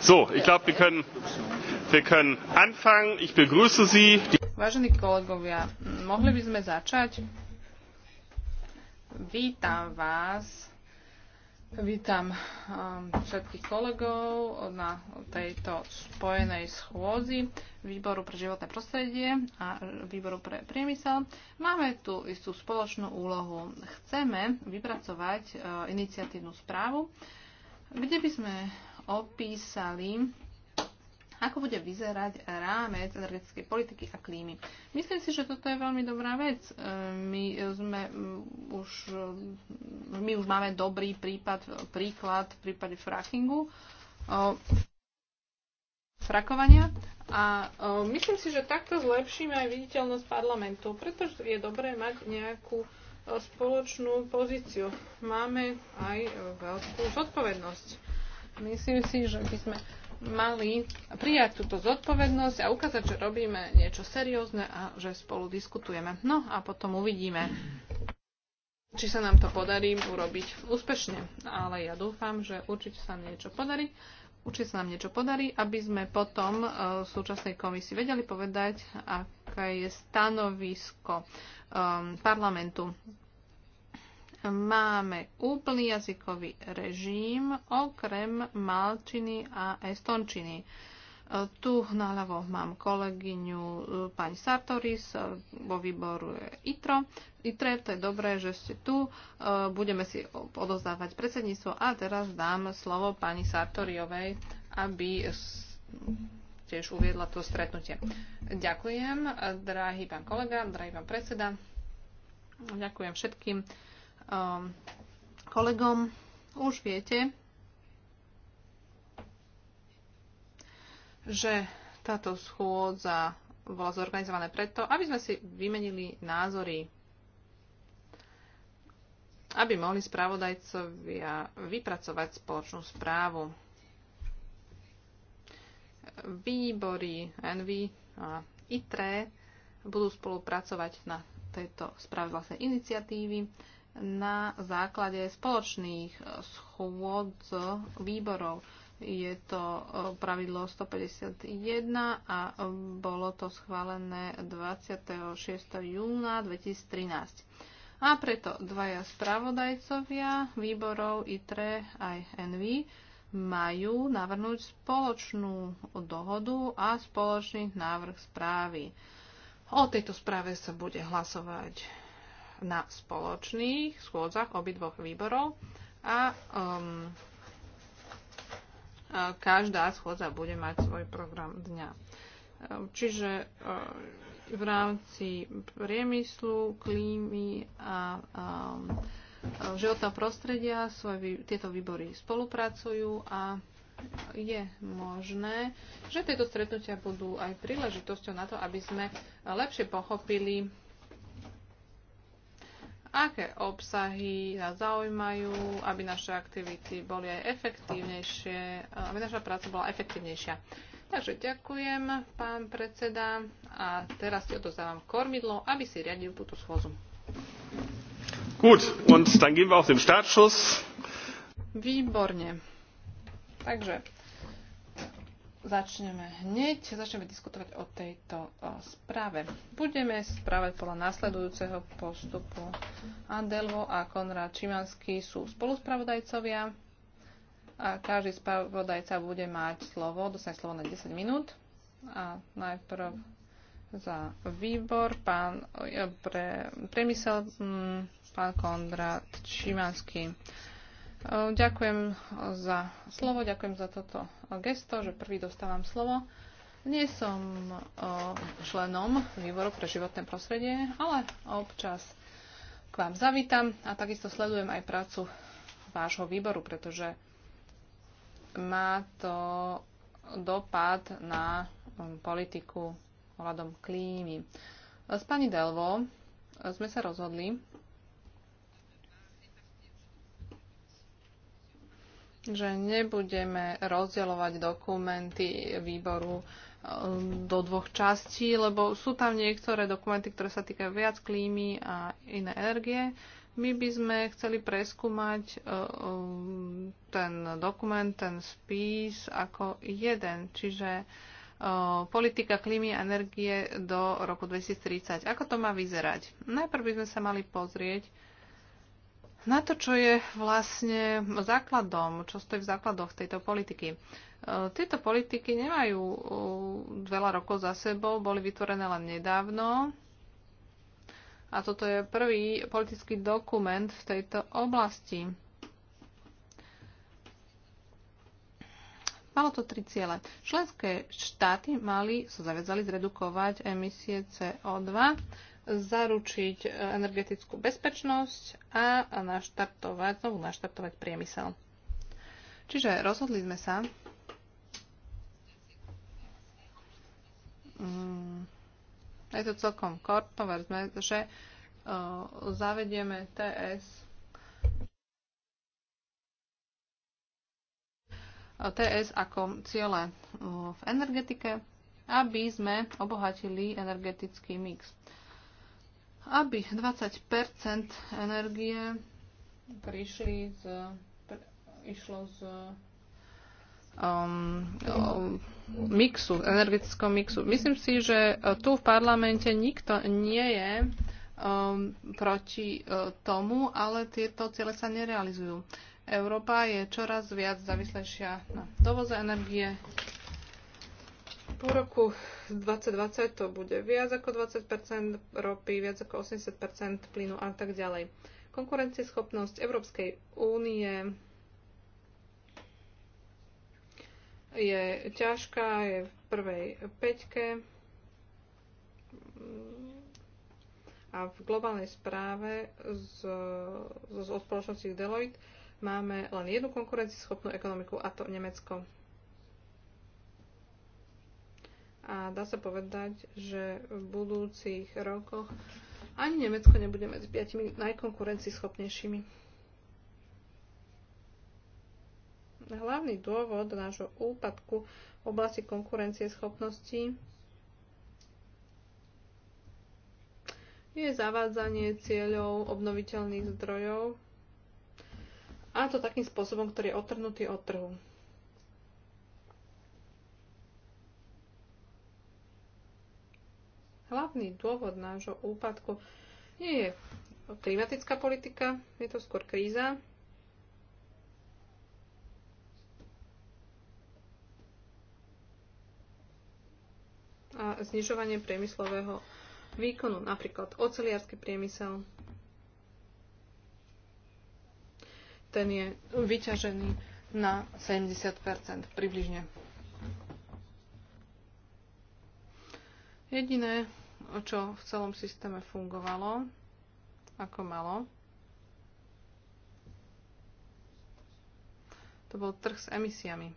So, ich glaube, wir können, wir können anfangen. Ich begrüße Sie. Vážení kolegovia, mohli by sme začať? Vítam vás. Vítam um, všetkých kolegov na tejto spojenej schôzi Výboru pre životné prostredie a Výboru pre priemysel. Máme tu istú spoločnú úlohu. Chceme vypracovať uh, iniciatívnu správu, kde by sme opísali, ako bude vyzerať rámec energetickej politiky a klímy. Myslím si, že toto je veľmi dobrá vec. E, my, sme už, e, my už máme dobrý prípad, príklad v prípade frackingu, frakovania a myslím si, že takto zlepšíme aj viditeľnosť parlamentu, pretože je dobré mať nejakú e, spoločnú pozíciu. Máme aj veľkú zodpovednosť. Myslím si, že by sme mali prijať túto zodpovednosť a ukázať, že robíme niečo seriózne a že spolu diskutujeme. No a potom uvidíme, či sa nám to podarí urobiť úspešne. Ale ja dúfam, že určite sa niečo podarí. Určite sa nám niečo podarí, aby sme potom e, v súčasnej komisii vedeli povedať, aké je stanovisko e, parlamentu máme úplný jazykový režim okrem malčiny a estončiny. E, tu naľavo mám kolegyňu e, pani Sartoris e, vo výboru ITRO. ITRE, to je dobré, že ste tu. Budeme si odozdávať predsedníctvo a teraz dám slovo pani Sartoriovej, aby tiež uviedla to stretnutie. Ďakujem, drahý pán kolega, drahý pán predseda. Ďakujem všetkým um, kolegom. Už viete, že táto schôdza bola zorganizovaná preto, aby sme si vymenili názory, aby mohli spravodajcovia vypracovať spoločnú správu. Výbory NV a ITRE budú spolupracovať na tejto správe vlastnej iniciatívy na základe spoločných e, schôd e, výborov. Je to e, pravidlo 151 a bolo to schválené 26. júna 2013. A preto dvaja spravodajcovia výborov ITRE aj NV majú navrhnúť spoločnú dohodu a spoločný návrh správy. O tejto správe sa bude hlasovať na spoločných schôdzach obidvoch výborov a um, každá schôdza bude mať svoj program dňa. Um, čiže uh, v rámci priemyslu, klímy a, um, životného prostredia svoje, tieto výbory spolupracujú a je možné, že tieto stretnutia budú aj príležitosťou na to, aby sme lepšie pochopili aké obsahy nás zaujímajú, aby naše aktivity boli aj efektívnejšie, aby naša práca bola efektívnejšia. Takže ďakujem, pán predseda, a teraz ti odozávam kormidlo, aby si riadil túto schôzu. Gut, und dann gehen wir auf den Startschuss. Výborne. Takže Začneme hneď, začneme diskutovať o tejto správe. Budeme správať podľa následujúceho postupu. Andelvo a Konrad Čimanský sú spoluspravodajcovia a každý spravodajca bude mať slovo, dostane slovo na 10 minút. A najprv za výbor pán e, pre, premysel mm, pán Konrad Čimanský. Eh, ďakujem za slovo, ďakujem za toto gesto, že prvý dostávam slovo. Nie som eh, členom výboru pre životné prostredie, ale občas k vám zavítam a takisto sledujem aj prácu vášho výboru, pretože má to dopad na mm, politiku ohľadom klímy. S pani Delvo sme sa rozhodli, že nebudeme rozdielovať dokumenty výboru e, do dvoch častí, lebo sú tam niektoré dokumenty, ktoré sa týkajú viac klímy a iné energie. My by sme chceli preskúmať e, e, ten dokument, ten spis ako jeden, čiže politika klímy a energie do roku 2030. Ako to má vyzerať? Najprv by sme sa mali pozrieť, na to, čo je vlastne základom, čo stojí v základoch tejto politiky. E, tieto politiky nemajú e, veľa rokov za sebou, boli vytvorené len nedávno. A toto je prvý politický dokument v tejto oblasti. Malo to tri ciele. Členské štáty mali, sa zaviazali zredukovať emisie CO2 zaručiť energetickú bezpečnosť a naštartovať, znovu naštartovať priemysel. Čiže rozhodli sme sa, mm, je to celkom povedzme, že e, zavedieme TS TS ako ciele e, v energetike, aby sme obohatili energetický mix aby 20 energie prišli z, išlo z um, um, mixu, energetického mixu. Myslím si, že uh, tu v parlamente nikto nie je um, proti uh, tomu, ale tieto ciele sa nerealizujú. Európa je čoraz viac závislejšia na dovoze energie po roku 2020 to bude viac ako 20 ropy, viac ako 80 plynu a tak ďalej. Konkurencieschopnosť Európskej únie je ťažká, je v prvej peťke a v globálnej správe zo spoločnosti Deloitte máme len jednu konkurencieschopnú ekonomiku a to Nemecko. a dá sa povedať, že v budúcich rokoch ani Nemecko nebude medzi piatimi najkonkurencieschopnejšími. Hlavný dôvod nášho úpadku v oblasti konkurencieschopnosti je zavádzanie cieľov obnoviteľných zdrojov a to takým spôsobom, ktorý je otrhnutý od trhu. Hlavný dôvod nášho úpadku nie je klimatická politika, je to skôr kríza. A znižovanie priemyslového výkonu, napríklad oceliarský priemysel. Ten je vyťažený na 70 približne. Jediné, čo v celom systéme fungovalo, ako malo, to bol trh s emisiami.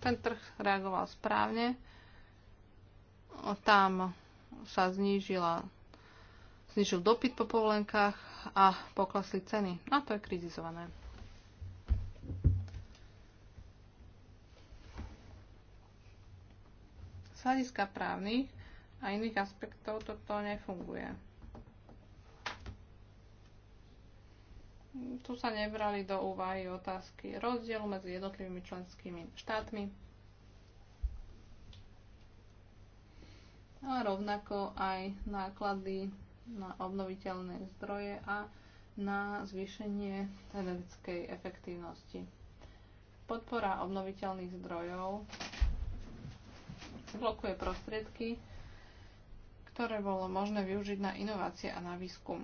Ten trh reagoval správne. Tam sa znížila, znížil dopyt po povolenkách a poklesli ceny. A no, to je kritizované. hľadiska právnych a iných aspektov toto nefunguje. Tu sa nebrali do úvahy otázky rozdielu medzi jednotlivými členskými štátmi. A rovnako aj náklady na obnoviteľné zdroje a na zvýšenie energetickej efektívnosti. Podpora obnoviteľných zdrojov blokuje prostriedky, ktoré bolo možné využiť na inovácie a na výskum.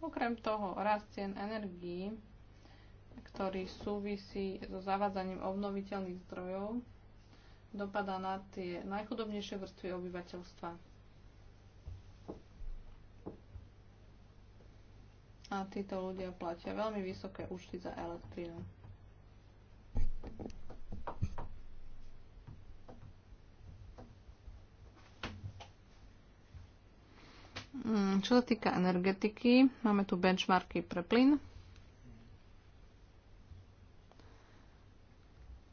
Okrem toho, rast cien energií, ktorý súvisí so zavádzaním obnoviteľných zdrojov, dopadá na tie najchudobnejšie vrstvy obyvateľstva. A títo ľudia platia veľmi vysoké účty za elektrínu. Mm, čo sa týka energetiky, máme tu benchmarky pre plyn.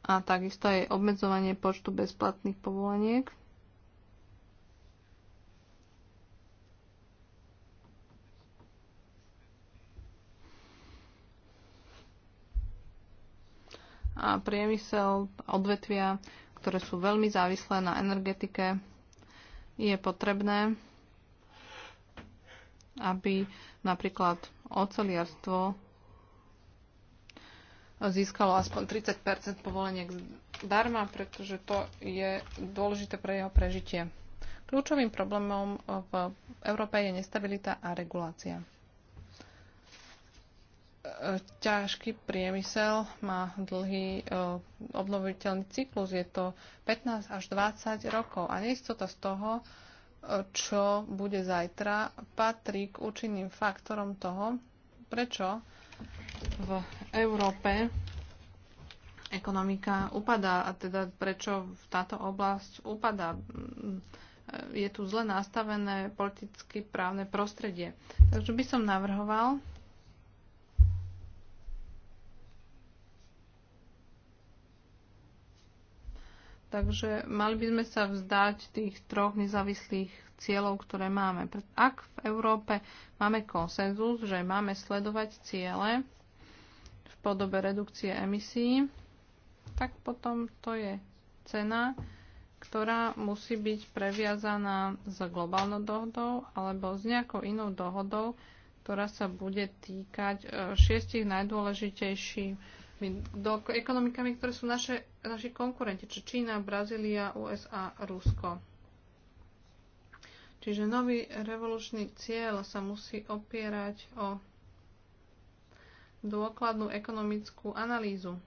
A takisto je obmedzovanie počtu bezplatných povoleniek. A priemysel, odvetvia, ktoré sú veľmi závislé na energetike, je potrebné aby napríklad oceliarstvo získalo aspoň 30 povoleniek darma, pretože to je dôležité pre jeho prežitie. Kľúčovým problémom v Európe je nestabilita a regulácia. Ťažký priemysel má dlhý e, obnoviteľný cyklus, je to 15 až 20 rokov a neistota z toho, čo bude zajtra, patrí k účinným faktorom toho, prečo v Európe ekonomika upadá a teda prečo táto oblasť upadá. Je tu zle nastavené politicky právne prostredie. Takže by som navrhoval, Takže mali by sme sa vzdať tých troch nezávislých cieľov, ktoré máme. Ak v Európe máme konsenzus, že máme sledovať ciele v podobe redukcie emisí, tak potom to je cena, ktorá musí byť previazaná s globálnou dohodou alebo s nejakou inou dohodou, ktorá sa bude týkať e, šiestich najdôležitejších do ekonomikami, ktoré sú naše, naši konkurenti, či Čína, Brazília, USA, Rusko. Čiže nový revolučný cieľ sa musí opierať o dôkladnú ekonomickú analýzu.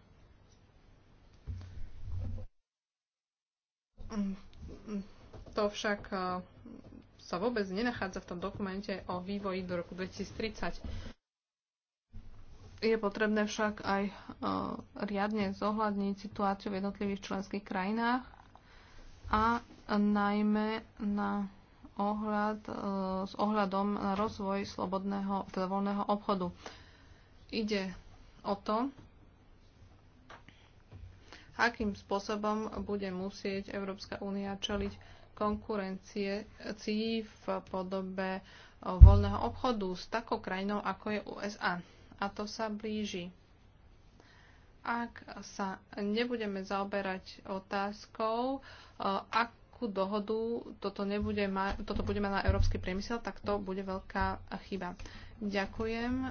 To však eh, sa vôbec nenachádza v tom dokumente o vývoji do roku 2030. Je potrebné však aj e, riadne zohľadniť situáciu v jednotlivých členských krajinách a najmä na ohľad, e, s ohľadom na rozvoj slobodného, teda voľného obchodu. Ide o to, akým spôsobom bude musieť Európska únia čeliť konkurencie v podobe voľného obchodu s takou krajinou, ako je USA a to sa blíži. Ak sa nebudeme zaoberať otázkou, e, akú dohodu toto, nebude ma- toto bude mať na európsky priemysel, tak to bude veľká chyba. Ďakujem, e,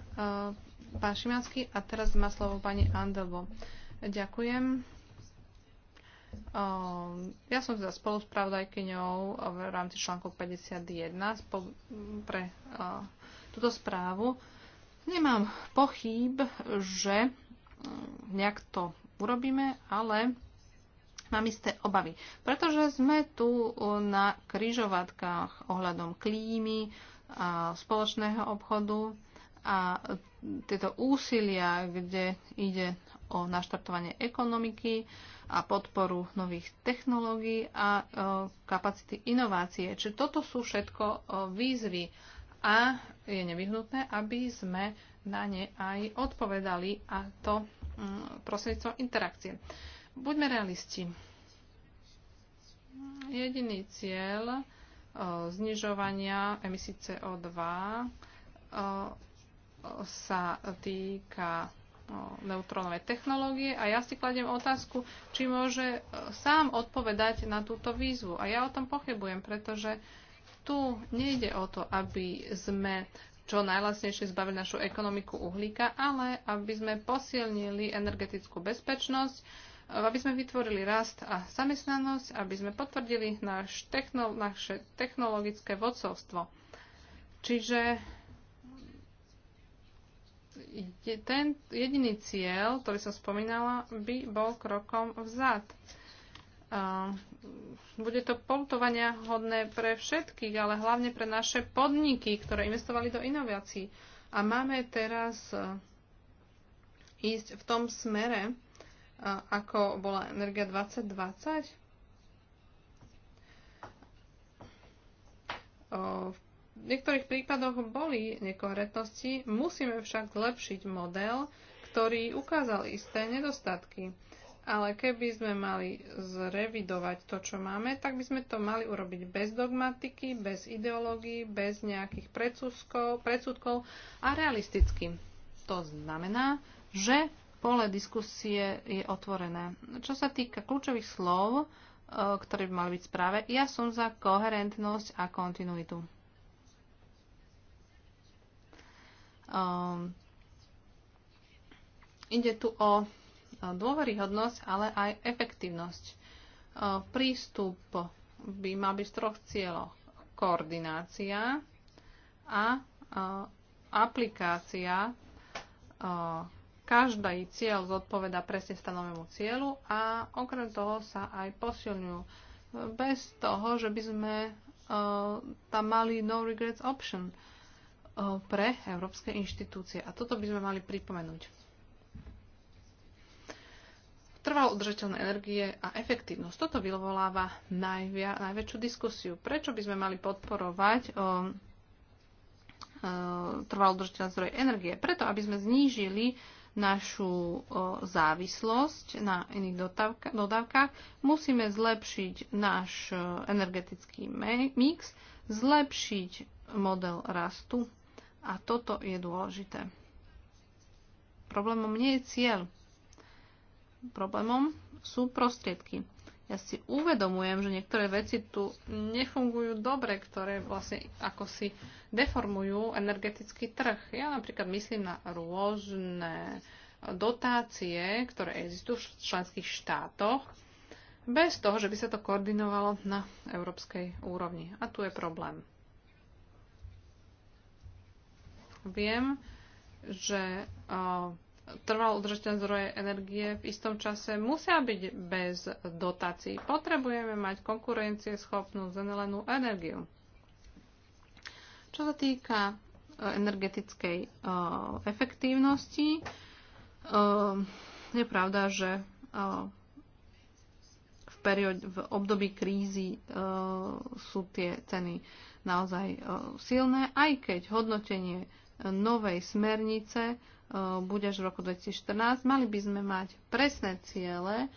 pán Šimanský. A teraz má slovo pani Andelbo. Ďakujem. E, ja som teda pravdajkyňou v rámci článku 51 pre túto správu. Nemám pochyb, že mm, nejak to urobíme, ale mám isté obavy. Pretože sme tu na kryžovatkách ohľadom klímy a spoločného obchodu a tieto úsilia, kde ide o naštartovanie ekonomiky a podporu nových technológií a e, kapacity inovácie. Čiže toto sú všetko e, výzvy a je nevyhnutné, aby sme na ne aj odpovedali a to mm, prostredníctvom interakcie. Buďme realisti. Jediný cieľ znižovania emisí CO2 sa týka neutrónovej technológie a ja si kladiem otázku, či môže e, sám odpovedať na túto výzvu. A ja o tom pochybujem, pretože uh, tu nejde o to, aby sme čo najlasnejšie zbavili našu ekonomiku uhlíka, ale aby sme posilnili energetickú bezpečnosť, aby sme vytvorili rast a zamestnanosť, aby sme potvrdili naš techno, naše technologické vodcovstvo. Čiže ten jediný cieľ, ktorý som spomínala, by bol krokom vzad. Bude to poltovania hodné pre všetkých, ale hlavne pre naše podniky, ktoré investovali do inovácií. A máme teraz e, ísť v tom smere, e, ako bola Energia 2020. V niektorých prípadoch boli nekoherentnosti, musíme však zlepšiť model, ktorý ukázal isté nedostatky ale keby sme mali zrevidovať to, čo máme, tak by sme to mali urobiť bez dogmatiky, bez ideológií, bez nejakých predsudkov a realisticky. To znamená, že pole diskusie je otvorené. Čo sa týka kľúčových slov, e, ktoré by mali byť správe, ja som za koherentnosť a kontinuitu. Um, ide tu o dôveryhodnosť, ale aj efektívnosť. E, prístup by mal byť z troch cieľov. Koordinácia a e, aplikácia. E, každý cieľ zodpoveda presne stanovému cieľu a okrem toho sa aj posilňujú. Bez toho, že by sme tam mali no regrets option pre európske inštitúcie. A toto by sme mali pripomenúť trvalo udržateľné energie a efektívnosť. Toto vyvoláva najvia, najväčšiu diskusiu. Prečo by sme mali podporovať o, trvalo udržateľné zdroje energie? Preto, aby sme znížili našu závislosť na iných dodávkach, musíme zlepšiť náš energetický mix, zlepšiť model rastu a toto je dôležité. Problémom nie je cieľ problémom sú prostriedky. Ja si uvedomujem, že niektoré veci tu nefungujú dobre, ktoré vlastne ako si deformujú energetický trh. Ja napríklad myslím na rôzne dotácie, ktoré existujú v členských štátoch, bez toho, že by sa to koordinovalo na európskej úrovni. A tu je problém. Viem, že trvalo udržateľné zdroje energie v istom čase musia byť bez dotácií. Potrebujeme mať konkurencieschopnú zelenú energiu. Čo sa týka e, energetickej uh, efektívnosti, uh, je pravda, že uh, v, period, v období krízy sú tie ceny naozaj silné, aj keď hodnotenie novej smernice bude až v roku 2014. Mali by sme mať presné ciele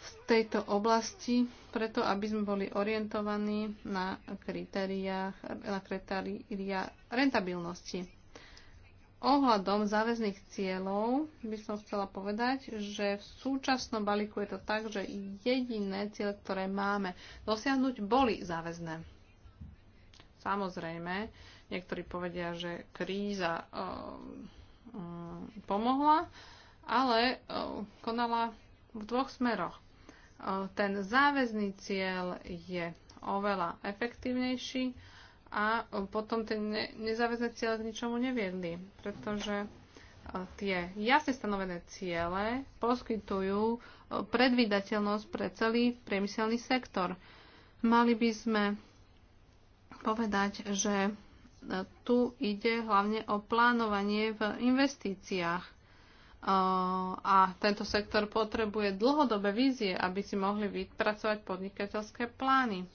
v tejto oblasti, preto aby sme boli orientovaní na kritériách, na kritéria rentabilnosti. Ohľadom záväzných cieľov by som chcela povedať, že v súčasnom balíku je to tak, že jediné ciele, ktoré máme dosiahnuť, boli záväzné. Samozrejme, niektorí povedia, že kríza ehm, Mm, pomohla, ale e, konala v dvoch smeroch. E, ten záväzný cieľ je oveľa efektívnejší a potom tie nezáväzné cieľ k ničomu neviedli, pretože e, tie jasne stanovené ciele poskytujú predvídateľnosť pre celý priemyselný sektor. Mali by sme povedať, že tu ide hlavne o plánovanie v investíciách. A tento sektor potrebuje dlhodobé vízie, aby si mohli vypracovať podnikateľské plány.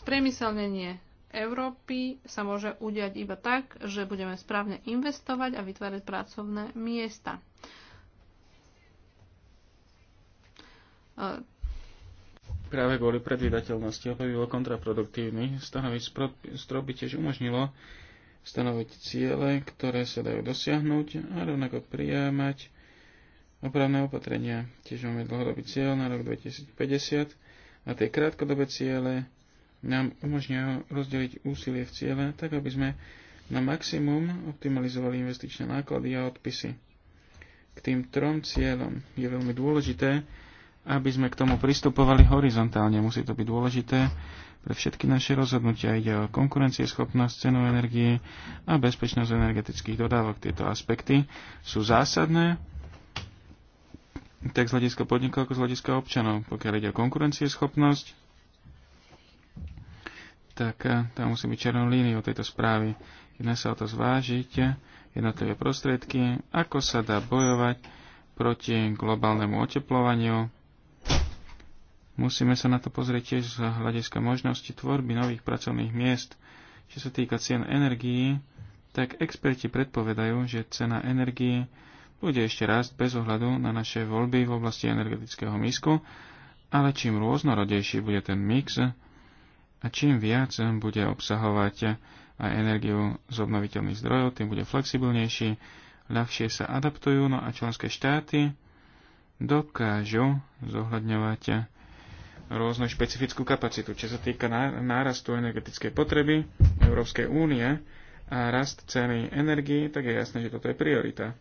Spriemyselnenie Európy sa môže udiať iba tak, že budeme správne investovať a vytvárať pracovné miesta práve kvôli predvydateľnosti, aby bolo kontraproduktívny. Stanoviť strop by tiež umožnilo stanoviť ciele, ktoré sa dajú dosiahnuť a rovnako prijamať opravné opatrenia. Tiež máme dlhodobý cieľ na rok 2050 a tie krátkodobé ciele nám umožňujú rozdeliť úsilie v ciele, tak aby sme na maximum optimalizovali investičné náklady a odpisy. K tým trom cieľom je veľmi dôležité, aby sme k tomu pristupovali horizontálne. Musí to byť dôležité pre všetky naše rozhodnutia. Ide o konkurencieschopnosť, cenu energie a bezpečnosť energetických dodávok. Tieto aspekty sú zásadné tak z hľadiska podnikov ako z hľadiska občanov. Pokiaľ ide o konkurencieschopnosť, tak eh, tam musí byť černou líniou tejto správy. Jedná sa o to zvážiť jednotlivé prostriedky, ako sa dá bojovať proti globálnemu oteplovaniu Musíme sa na to pozrieť tiež z hľadiska možnosti tvorby nových pracovných miest. Čo sa týka cien energií, tak experti predpovedajú, že cena energií bude ešte rásť bez ohľadu na naše voľby v oblasti energetického misku, ale čím rôznorodejší bude ten mix a čím viac bude obsahovať aj energiu z obnoviteľných zdrojov, tým bude flexibilnejší, ľahšie sa adaptujú, no a členské štáty dokážu zohľadňovať rôznu špecifickú kapacitu. Čo sa týka nárastu energetickej potreby Európskej únie a rast ceny energii, tak je jasné, že toto je priorita.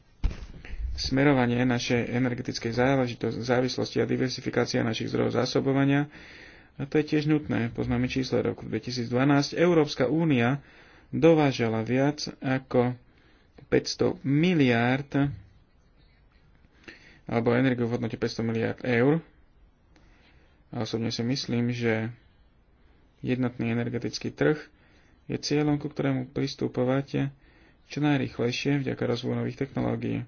Smerovanie našej energetickej závislosti a diversifikácia našich zdrojov zásobovania, a to je tiež nutné. Poznáme čísla roku 2012. Európska únia dovážala viac ako 500 miliárd alebo energiu v hodnote 500 miliárd eur a osobne si myslím, že jednotný energetický trh je cieľom, ku ktorému pristupovate čo najrychlejšie vďaka rozvoju nových technológií.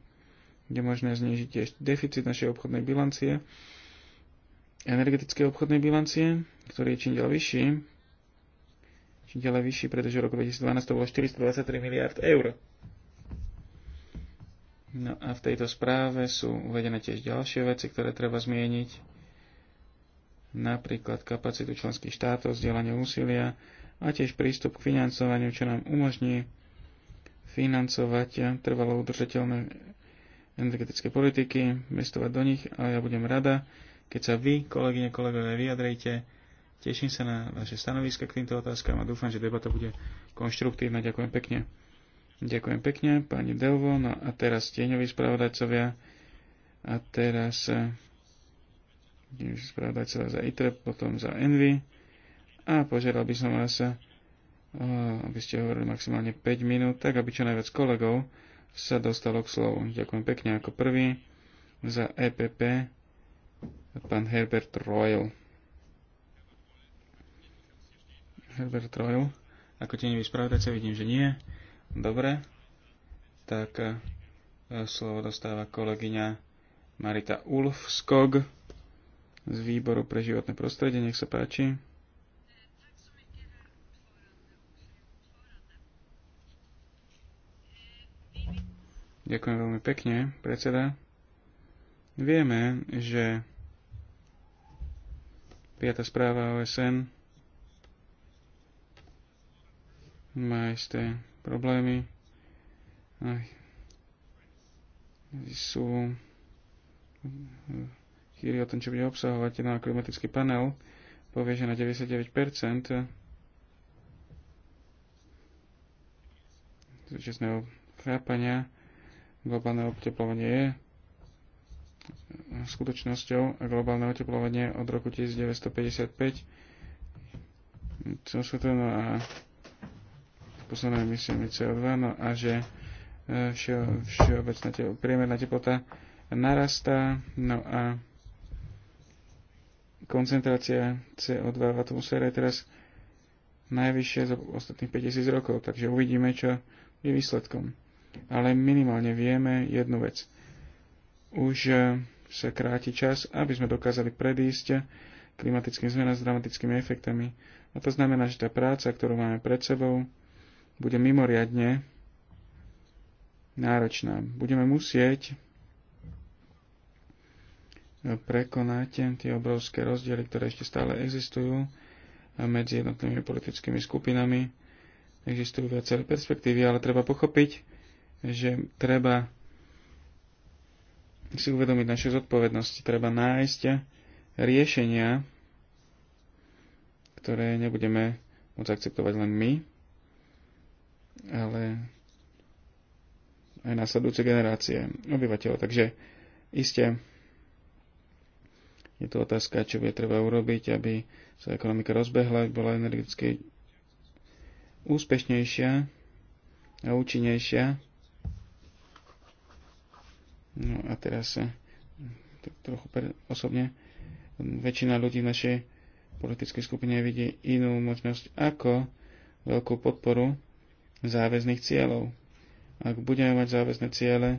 Je možné znižiť tiež deficit našej obchodnej bilancie, energetickej obchodnej bilancie, ktorý je čím ďalej vyšší, čím ďalej vyšší, pretože v roku 2012 to bolo 423 miliard eur. No a v tejto správe sú uvedené tiež ďalšie veci, ktoré treba zmieniť napríklad kapacitu členských štátov, vzdelanie úsilia a tiež prístup k financovaniu, čo nám umožní financovať trvalo udržateľné energetické politiky, investovať do nich a ja budem rada, keď sa vy, kolegyne, kolegové, vyjadrejte. Teším sa na vaše stanoviska k týmto otázkam a dúfam, že debata bude konštruktívna. Ďakujem pekne. Ďakujem pekne, pani Delvo. No a teraz tieňoví spravodajcovia. A teraz eh, sa za ITREP, potom za ENVY a požiadal by som vás, eh, aby ste hovorili maximálne 5 minút, tak aby čo najviac kolegov sa dostalo k slovu. Ďakujem pekne ako prvý za EPP pán Herbert Royal. Herbert Royal. Ako nevy tenevý sa vidím, že nie. Dobre. Tak eh, slovo dostáva kolegyňa Marita Ulfskog z výboru pre životné prostredie. Nech sa páči. Ďakujem veľmi pekne, predseda. Vieme, že 5. správa OSN má isté problémy. Aj, sú chvíli o tom, čo bude obsahovať na klimatický panel, povie, že na 99% súčasného chápania globálne oteplovanie je skutočnosťou a globálne oteplovanie od roku 1955 čo a posledné emisiami CO2 no a že eh, všeobecná priemerná teplota narastá no a koncentrácia CO2 v atmosfére je teraz najvyššia za ostatných 5000 rokov, takže uvidíme, čo je výsledkom. Ale minimálne vieme jednu vec. Už eh, sa kráti čas, aby sme dokázali predísť klimatickým zmenám s dramatickými efektami. A to znamená, že tá práca, ktorú máme pred sebou, bude mimoriadne náročná. Budeme musieť prekonať tie obrovské rozdiely, ktoré ešte stále existujú medzi jednotlivými politickými skupinami. Existujú viaceré perspektívy, ale treba pochopiť, že treba si uvedomiť naše zodpovednosti. Treba nájsť riešenia, ktoré nebudeme môcť akceptovať len my, ale aj následujúce generácie obyvateľov. Takže iste je to otázka, čo bude treba urobiť, aby sa ekonomika rozbehla, aby bola energeticky úspešnejšia a účinnejšia. No a teraz eh, tak trochu osobne väčšina ľudí v našej politickej skupine vidí inú možnosť ako veľkú podporu záväzných cieľov. Ak budeme mať záväzné ciele,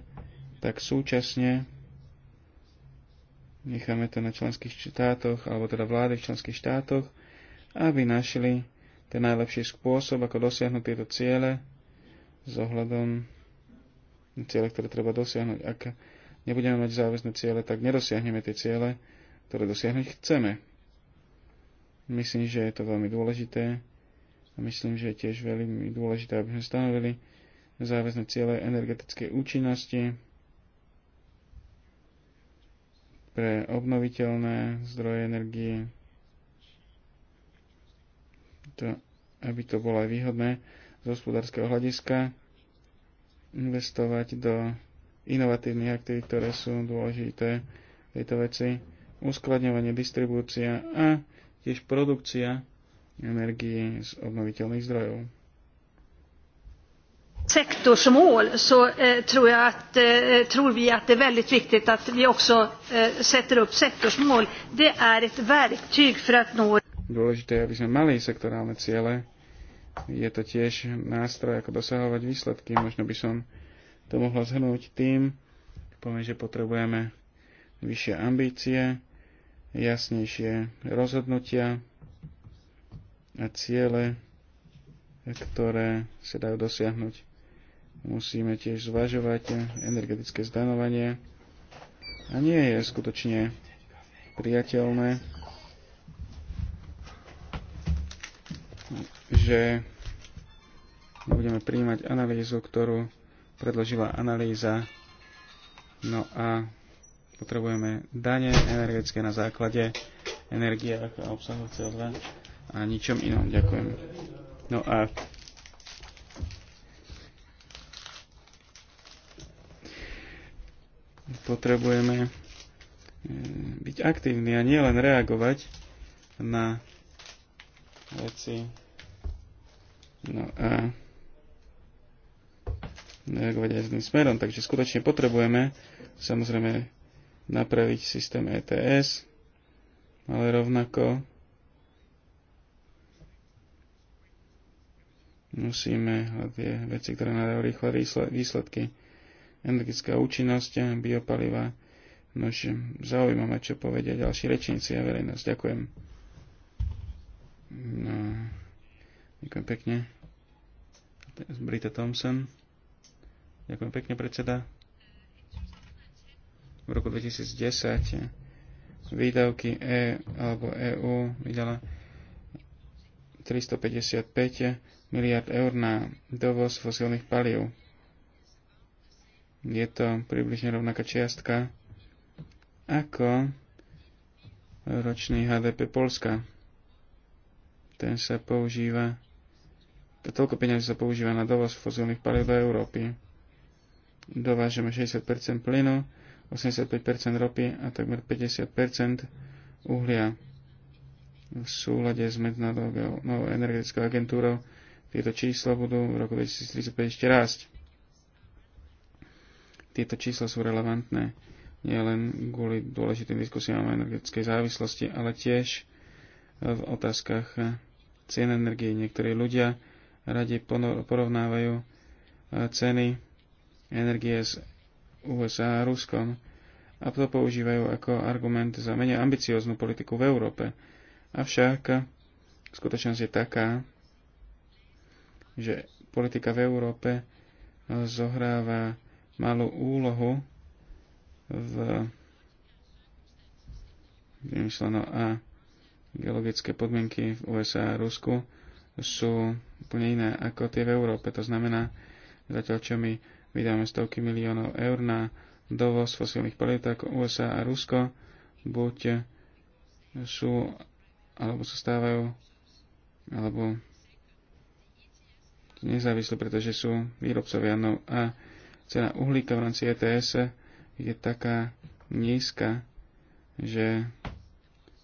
tak súčasne necháme to na členských štátoch, alebo teda vlády v členských štátoch, aby našli ten najlepší spôsob, ako dosiahnuť tieto ciele s ohľadom na ciele, ktoré treba dosiahnuť. Ak nebudeme mať záväzné ciele, tak nedosiahneme tie ciele, ktoré dosiahnuť chceme. Myslím, že je to veľmi dôležité a myslím, že je tiež veľmi dôležité, aby sme stanovili záväzné ciele energetickej účinnosti, pre obnoviteľné zdroje energie, to, aby to bolo aj výhodné z hospodárskeho hľadiska, investovať do inovatívnych aktivít, ktoré sú dôležité tejto veci, uskladňovanie, distribúcia a tiež produkcia energie z obnoviteľných zdrojov sektorsmål så eh, tror, jag att, eh, tror vi att det är väldigt viktigt att vi också eh, sätter upp sektorsmål. Det är ett verktyg för att nå... Dôležité, aby sme mali sektorálne ciele. Je to tiež nástroj, ako dosahovať výsledky. Možno by som to mohla zhrnúť tým, poviem, že potrebujeme vyššie ambície, jasnejšie rozhodnutia a ciele, ktoré sa dajú dosiahnuť Musíme tiež zvažovať energetické zdanovanie a nie je skutočne priateľné, že budeme príjmať analýzu, ktorú predložila analýza. No a potrebujeme dane energetické na základe energie a obsahu CO2 a ničom inom. Ďakujem. No a potrebujeme eh, byť aktívni a nielen reagovať na veci. No a reagovať aj s tým smerom. Takže skutočne potrebujeme samozrejme napraviť systém ETS, ale rovnako musíme tie veci, ktoré nadajú rýchle výsledky energetická účinnosť, biopaliva. Nož zaujímavé, čo povedia ďalší rečníci a verejnosť. Ďakujem. No, ďakujem pekne. Brita Thompson. Ďakujem pekne, predseda. V roku 2010 výdavky E alebo EU vydala 355 miliard eur na dovoz fosílnych palív je to približne rovnaká čiastka ako ročný HDP Polska. Ten sa používa, to toľko peniazí sa používa na dovoz fosílnych palív do Európy. Dovážeme 60% plynu, 85% ropy a takmer 50% uhlia. V súlade s Medzinárodnou energetickou agentúrou tieto číslo budú v roku 2035 ešte rásť. Tieto čísla sú relevantné nielen kvôli dôležitým diskusiám o energetickej závislosti, ale tiež v otázkach cien energie. Niektorí ľudia radi porovnávajú e, ceny energie z USA a Ruskom a to používajú ako argument za menej ambicióznu politiku v Európe. Avšak skutočnosť je taká, že politika v Európe zohráva malú úlohu v vymysleno a geologické podmienky v USA a Rusku sú úplne iné ako tie v Európe. To znamená, zatiaľ čo my vydáme stovky miliónov eur na dovoz fosílnych palív, tak USA a Rusko buď sú alebo sa stávajú alebo nezávislí, pretože sú výrobcovia. No a cena uhlíka v rámci ETS je taká nízka, že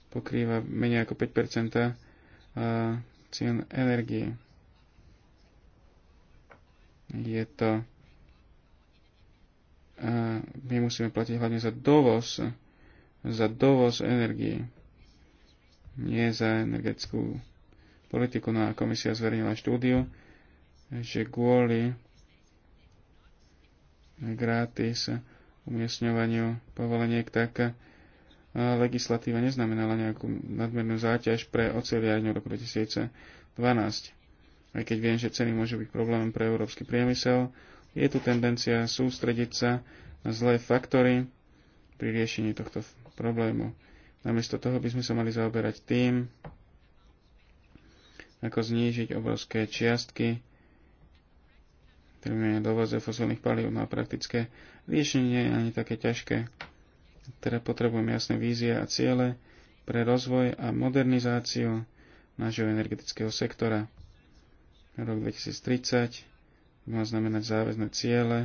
pokrýva menej ako 5 eh, cien energie. Je to a eh, my musíme platiť hlavne za dovoz, za dovoz energie, nie za energetickú politiku. No a komisia zverejnila štúdiu, že kvôli gratis umiestňovaniu povoleniek, tak eh, legislatíva neznamenala nejakú nadmernú záťaž pre oceliarňu roku 2012. Aj keď viem, že ceny môžu byť problémom pre európsky priemysel, je tu tendencia sústrediť sa na zlé faktory pri riešení tohto problému. Namiesto toho by sme sa mali zaoberať tým, ako znížiť obrovské čiastky termíne dovoze fosilných palív na praktické riešenie nie je ani také ťažké. Teda potrebujeme jasné vízie a ciele pre rozvoj a modernizáciu nášho energetického sektora. Rok 2030 má znamenať záväzné ciele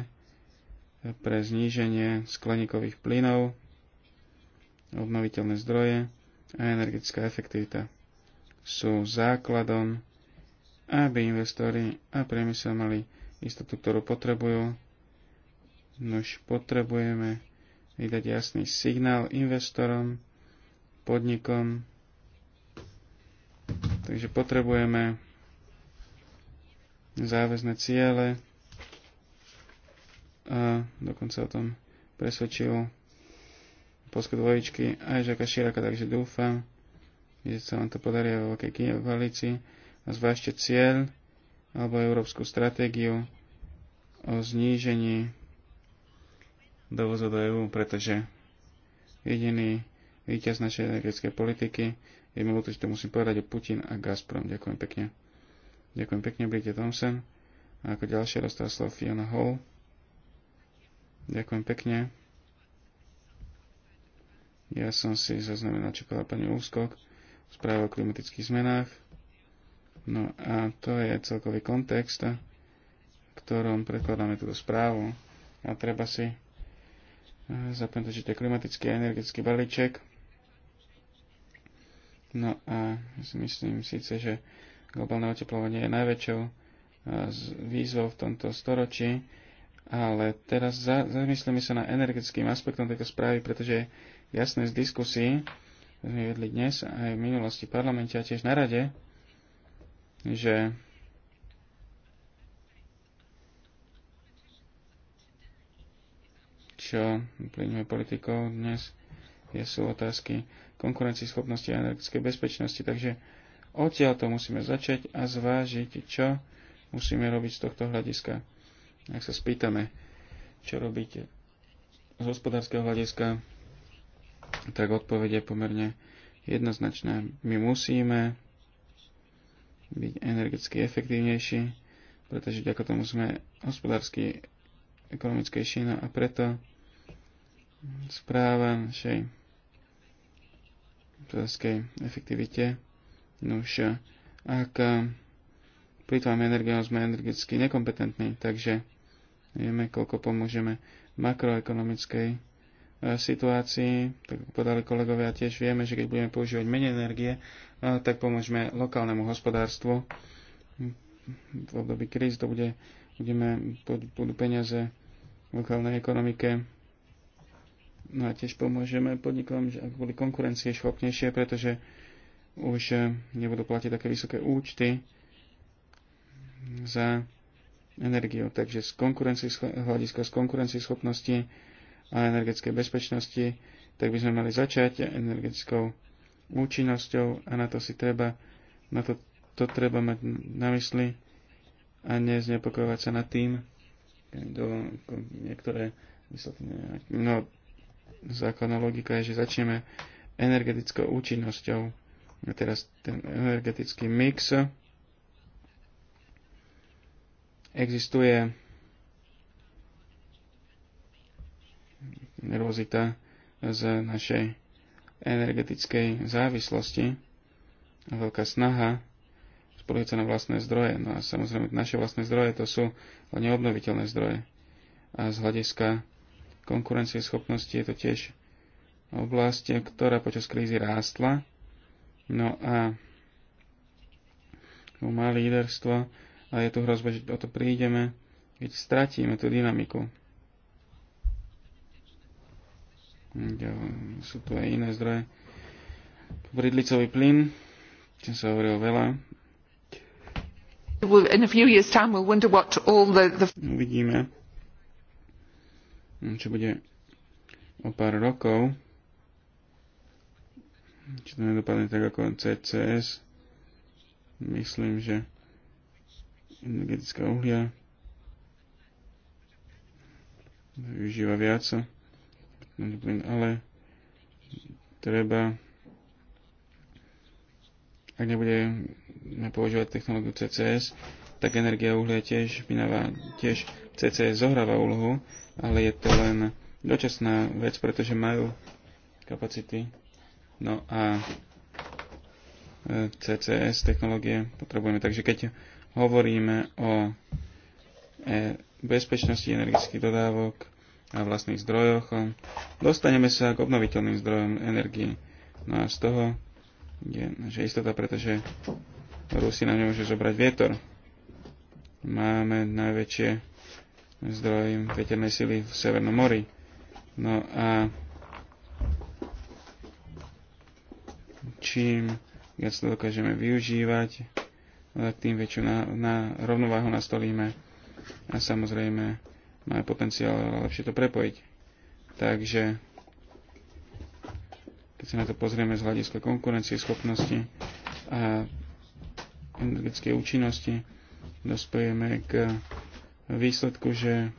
pre zníženie skleníkových plynov, obnoviteľné zdroje a energetická efektivita sú základom, aby investori a priemysel mali istotu, ktorú potrebujú. Nož potrebujeme vydať jasný signál investorom, podnikom. Takže potrebujeme záväzne ciele. A dokonca o tom presvedčil poskyt dvojičky aj Žaka Širaka, takže dúfam, že sa vám to podarí vo veľkej koalícii. A zvážte cieľ alebo európsku stratégiu o znížení dovozu do EÚ, pretože jediný víťaz našej energetickej politiky je mi že to musím povedať o Putin a Gazprom. Ďakujem pekne. Ďakujem pekne, Brite Thompson. A ako ďalšie dostala slovo Fiona Hall. Ďakujem pekne. Ja som si zaznamenal, čo pani Úskok správa o klimatických zmenách. No a to je celkový kontext, v ktorom predkladáme túto správu. A treba si zapamätať, že to je klimatický a energetický balíček. No a si myslím síce, že globálne oteplovanie je najväčšou eh, výzvou v tomto storočí, ale teraz zamyslíme sa na energetickým aspektom tejto správy, pretože jasné z diskusí, sme vedli dnes aj v minulosti v parlamente a tiež na rade, že čo plynuje politikou dnes, je sú otázky konkurencieschopnosti a energetickej bezpečnosti, takže odtiaľ to musíme začať a zvážiť, čo musíme robiť z tohto hľadiska. Ak sa spýtame, čo robiť z hospodárskeho hľadiska, tak odpoveď je pomerne jednoznačná. My musíme byť energeticky efektívnejší, pretože vďaka tomu sme hospodársky ekonomickejší no a preto správa našej hospodárskej efektivite. No už ak plýtvame energiou, sme energeticky nekompetentní, takže vieme, koľko pomôžeme makroekonomickej E, situácii, tak ako podali kolegovia, tiež vieme, že keď budeme používať menej energie, e, tak pomôžeme lokálnemu hospodárstvu. V období kríz to bude, budeme, budú peniaze v lokálnej ekonomike. No a tiež pomôžeme podnikom, že ak boli konkurencie schopnejšie, pretože už e, nebudú platiť také vysoké účty za energiu. Takže z konkurencie, hľadiska z konkurencieschopnosti schopnosti a energetickej bezpečnosti, tak by sme mali začať energetickou účinnosťou a na to si treba, na to, to treba mať na mysli a neznepokojovať sa nad tým, do niektoré No, základná logika je, že začneme energetickou účinnosťou. A teraz ten energetický mix existuje nervozita z našej energetickej závislosti a veľká snaha spoliehať sa na vlastné zdroje. No a samozrejme, naše vlastné zdroje to sú neobnoviteľné zdroje. A z hľadiska konkurencieschopnosti je to tiež oblasť, ktorá počas krízy rástla. No a má líderstvo a je tu hrozba, že o to prídeme, keď stratíme tú dynamiku. Sú tu aj iné zdroje. Bridlicový plyn, čo sa hovorilo veľa. Uvidíme, no, no, čo bude o pár rokov. Či to nedopadne tak ako CCS. Myslím, že energetická uhlia využíva viac ale treba ak nebudeme používať technológiu CCS, tak energia uhlia tiež vynáva, tiež CCS zohráva úlohu, ale je to len dočasná vec, pretože majú kapacity. No a e, CCS technológie potrebujeme. Takže keď hovoríme o e, bezpečnosti energetických dodávok, na vlastných zdrojoch, dostaneme sa k obnoviteľným zdrojom energii. No a z toho je že istota, pretože Rusi nám nemôže zobrať vietor. Máme najväčšie zdroj veternej sily v Severnom mori. No a čím viac to dokážeme využívať, tým väčšiu na, na rovnováhu nastolíme. A samozrejme má potenciál lepšie to prepojiť. Takže keď sa na to pozrieme z hľadiska konkurencie, schopnosti a energetickej účinnosti, dospejeme k výsledku, že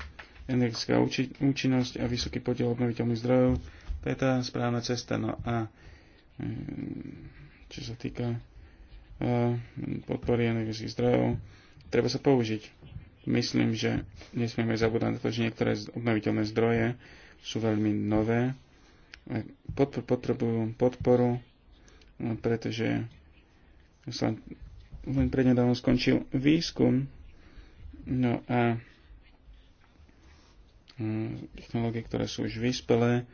energetická účinnosť a vysoký podiel obnoviteľných zdrojov, to je tá správna cesta. No a mm, čo sa týka eh, podpory energetických zdrojov, treba sa použiť. Myslím, že nesmieme zabúdať na to, že niektoré obnoviteľné zdroje sú veľmi nové, podpor, potrebujú podporu, no, pretože sa len prednedávno skončil výskum. No a e, technológie, ktoré sú už vyspelé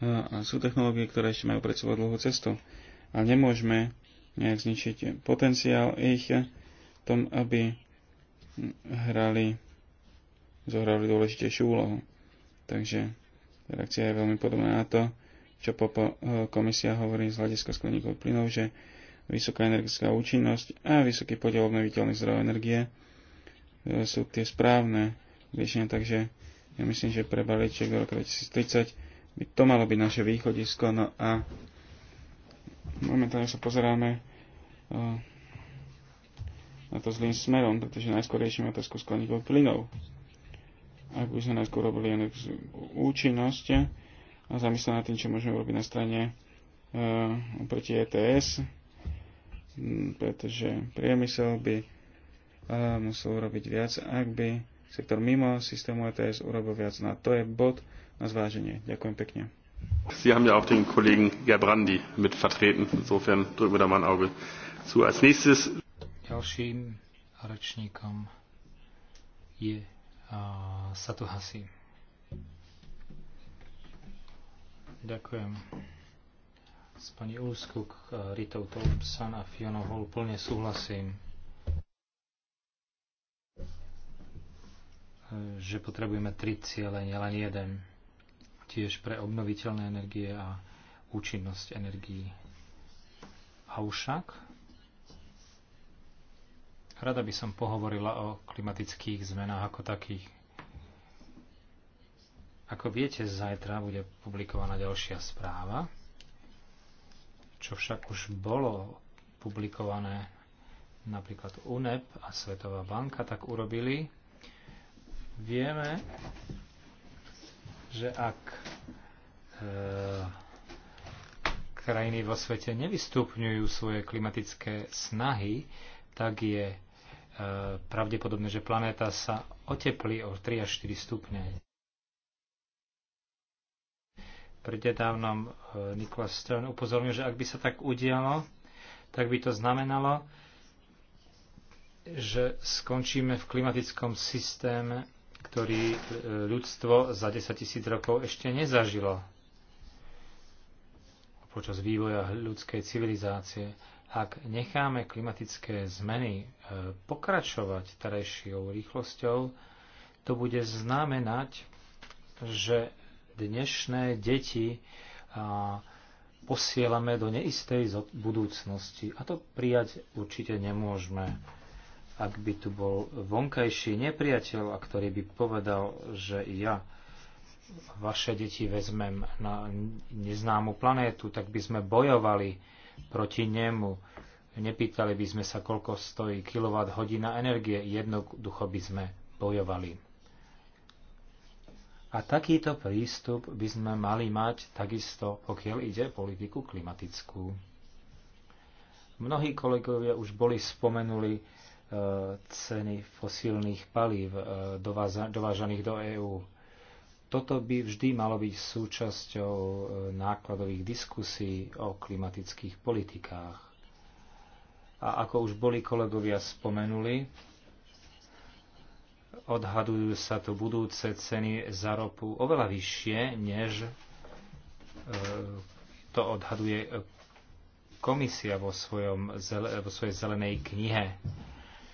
e, a sú technológie, ktoré ešte majú pred sebou dlhú cestu. Ale nemôžeme nejak zničiť potenciál ich tom, aby hrali, zohrali dôležitejšiu úlohu. Takže reakcia je veľmi podobná na to, čo popo, eh, komisia hovorí z hľadiska skleníkových plynov, že vysoká energetická účinnosť a vysoký podiel obnoviteľných zdrojov energie eh, sú tie správne riešenia, takže ja myslím, že pre balíček do roku 2030 by to malo byť naše východisko. No a momentálne sa pozeráme eh, na to zlým smerom, pretože najskôr riešime otázku skleníkových plynov. Ak by sme najskôr robili len účinnosť a zamysleli na tým, čo môžeme urobiť na strane uh, eh, proti ETS, hm, pretože priemysel by uh, musel urobiť viac, ak by sektor mimo systému ETS urobil viac. No to je bod na zváženie. Ďakujem pekne. Sie haben ja auch den Kollegen Gerbrandi mit vertreten. Insofern drücken wir da mal ein Auge zu. Als nächstes Ďalším rečníkom je Satuhasi. Satu Hasi. Ďakujem. S pani Úskuk, Ritou Tolpsan a Fionou Hall plne súhlasím, že potrebujeme tri ciele, nielen jeden. Tiež pre obnoviteľné energie a účinnosť energií. Avšak Rada by som pohovorila o klimatických zmenách ako takých. Ako viete, zajtra bude publikovaná ďalšia správa, čo však už bolo publikované napríklad UNEP a Svetová banka tak urobili. Vieme, že ak e, krajiny vo svete nevystupňujú svoje klimatické snahy, tak je e, pravdepodobné, že planéta sa oteplí o 3 až 4 stupne. e, Nikola Stern upozornil, že ak by sa tak udialo, tak by to znamenalo, že skončíme v klimatickom systéme, ktorý e, ľudstvo za 10 tisíc rokov ešte nezažilo počas vývoja ľudskej civilizácie ak necháme klimatické zmeny e, pokračovať terajšou rýchlosťou, to bude znamenať, že dnešné deti posielame do neistej budúcnosti. A to prijať určite nemôžeme. Ak by tu bol vonkajší nepriateľ, a ktorý by povedal, že ja vaše deti vezmem na neznámu planétu, tak by sme bojovali proti nemu. Nepýtali by sme sa, koľko stojí hodina energie, jednoducho by sme bojovali. A takýto prístup by sme mali mať takisto, pokiaľ ide politiku klimatickú. Mnohí kolegovia už boli spomenuli e, ceny fosílnych palív e, dovážaných do EÚ. Toto by vždy malo byť súčasťou e, nákladových diskusí o klimatických politikách. A ako už boli kolegovia spomenuli, odhadujú sa tu budúce ceny za ropu oveľa vyššie, než e, to odhaduje komisia vo, svojom, vo svojej zelenej knihe.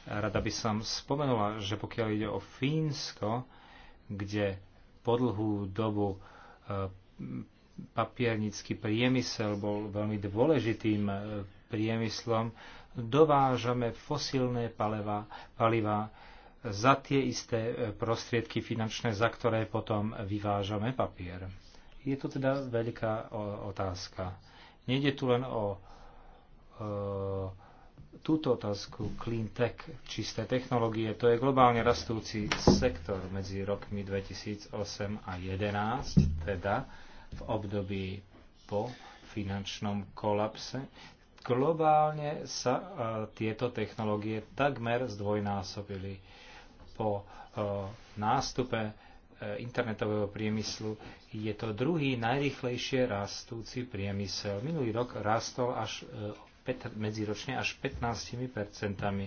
Rada by som spomenula, že pokiaľ ide o Fínsko, kde po dlhú dobu e, papiernický priemysel bol veľmi dôležitým e, priemyslom, dovážame fosilné paliva, paliva za tie isté e, prostriedky finančné, za ktoré potom vyvážame papier. Je to teda veľká otázka. Nejde tu len o, o túto otázku clean tech, čisté technológie, to je globálne rastúci sektor medzi rokmi 2008 a 2011, teda v období po finančnom kolapse. Globálne sa uh, tieto technológie takmer zdvojnásobili. Po uh, nástupe e, internetového priemyslu je to druhý najrychlejšie rastúci priemysel. Minulý rok rastol až medziročne až 15 percentami.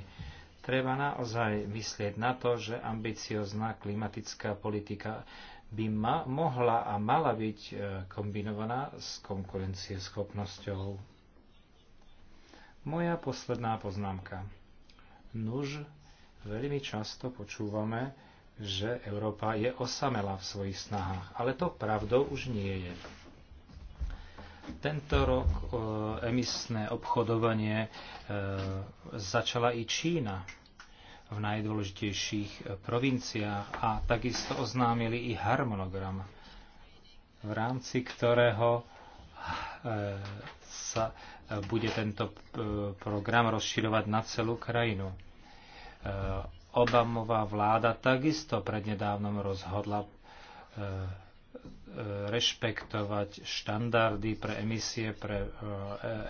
Treba naozaj myslieť na to, že ambiciozná klimatická politika by ma, mohla a mala byť e, kombinovaná s konkurencieschopnosťou. Moja posledná poznámka. Nuž, veľmi často počúvame, že Európa je osamela v svojich snahách, ale to pravdou už nie je. Tento rok e, emisné obchodovanie e, začala i Čína v najdôležitejších e, provinciách a takisto oznámili i harmonogram, v rámci ktorého sa bude tento program rozširovať na celú krajinu. Obamová vláda takisto prednedávnom rozhodla rešpektovať štandardy pre emisie, pre e,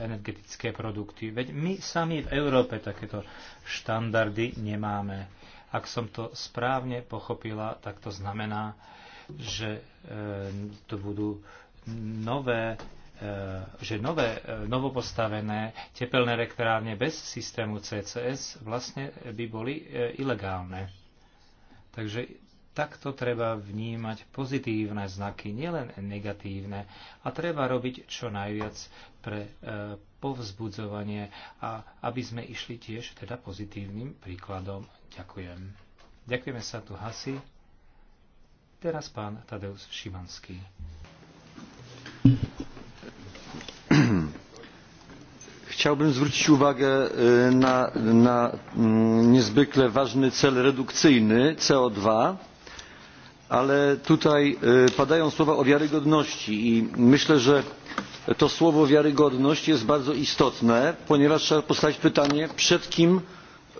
energetické produkty. Veď my sami v Európe takéto štandardy nemáme. Ak som to správne pochopila, tak to znamená, že e, to budú nové e, že nové, novopostavené tepelné elektrárne bez systému CCS vlastne by boli ilegálne. Takže Takto treba vnímať pozitívne znaky, nielen negatívne. A treba robiť čo najviac pre e, povzbudzovanie a aby sme išli tiež teda pozitívnym príkladom. Ďakujem. Ďakujeme sa tu Hasi. Teraz pán Tadeus Šimanský. chciałbym zwrócić uwagę e, na, na mm, niezwykle ważny cel redukcyjny co 2 ale tutaj e, padają słowa o wiarygodności i myślę że to słowo wiarygodność jest bardzo istotne ponieważ trzeba postawić pytanie przed kim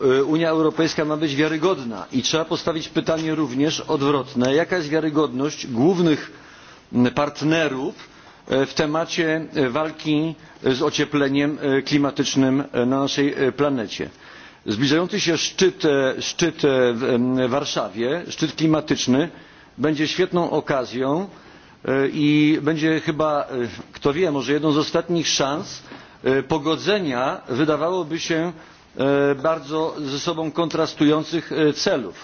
e, unia europejska ma być wiarygodna i trzeba postawić pytanie również odwrotne jaka jest wiarygodność głównych partnerów e, w temacie walki z ociepleniem klimatycznym na naszej planecie. zbliżający się szczyt, w warszawie szczyt klimatyczny będzie świetną okazją e, i będzie chyba e, kto wie może jedną z ostatnich szans e, pogodzenia wydawałoby się bardzo ze sobą kontrastujących celów.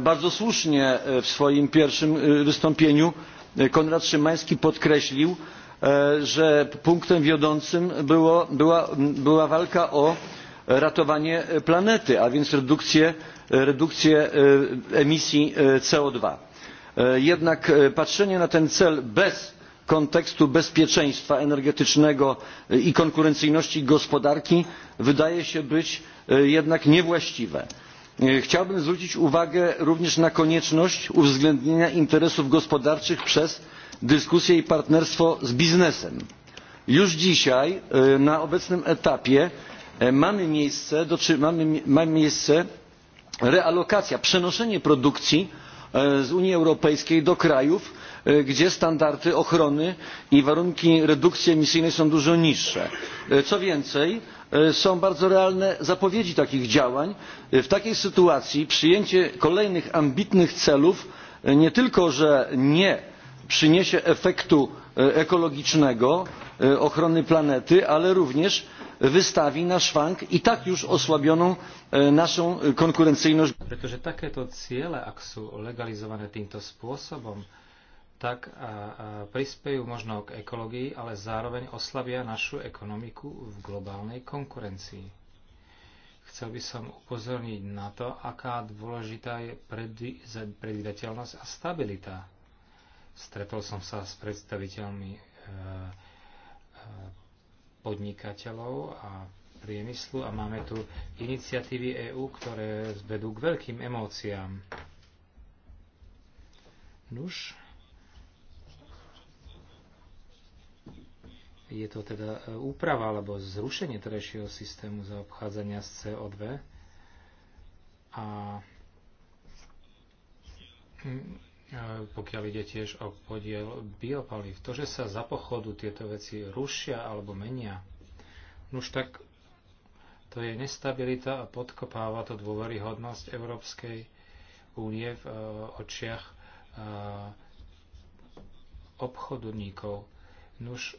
bardzo słusznie w swoim pierwszym wystąpieniu konrad szymański podkreślił że punktem wiodącym było, była, była walka o ratowanie planety a więc redukcję, redukcję emisji co. E, jednak e, patrzenie na ten cel bez kontekstu bezpieczeństwa energetycznego e, i konkurencyjności gospodarki wydaje się być jednak niewłaściwe. chciałbym zwrócić uwagę również na konieczność uwzględnienia interesów gospodarczych przez dyskusję i partnerstwo z biznesem. już dzisiaj na obecnym etapie ma miejsce, mamy, miejsce realokacja przenoszenie produkcji E, z unii europejskiej do krajów e, gdzie standardy ochrony i warunki redukcji emisyjnej są dużo niższe. E, co więcej są bardzo realne zapowiedzi takich działań. w takiej sytuacji przyjęcie kolejnych ambitnych celów nie tylko że nie przyniesie efektu ekologicznego ochrony planety ale również wystawi na szwank i tak już osłabioną e, naszą konkurencyjność. Pretože takéto ciele, ak sú legalizované týmto spôsobom, tak a, a prispejú možno k ekológii, ale zároveň oslabia našu ekonomiku v globálnej konkurencii. Chcel by som upozorniť na to, aká dôležitá je predvydateľnosť a stabilita. Stretol som sa s predstaviteľmi e, e, podnikateľov a priemyslu a máme tu iniciatívy EÚ, ktoré vedú k veľkým emóciám. Nuž. Je to teda e, úprava alebo zrušenie trešieho systému obchádzania z CO2 a mm, pokiaľ ide tiež o podiel biopalív. To, že sa za pochodu tieto veci rušia alebo menia, no už tak to je nestabilita a podkopáva to dôveryhodnosť Európskej únie v e, očiach e, obchodníkov. Nuž e,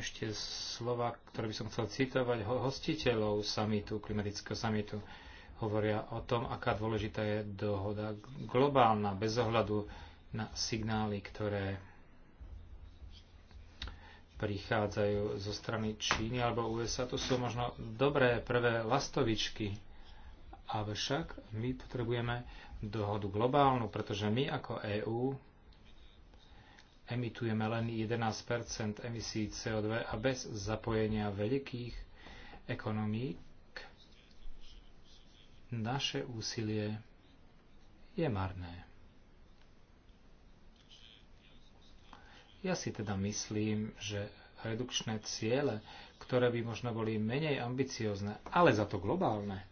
ešte slova, ktoré by som chcel citovať, hostiteľov samitu, klimatického samitu hovoria o tom, aká dôležitá je dohoda globálna, bez ohľadu na signály, ktoré prichádzajú zo strany Číny alebo USA. To sú možno dobré prvé lastovičky, ale však my potrebujeme dohodu globálnu, pretože my ako EÚ emitujeme len 11 emisí CO2 a bez zapojenia veľkých ekonomík naše úsilie je marné. Ja si teda myslím, že redukčné ciele, ktoré by možno boli menej ambiciozne, ale za to globálne,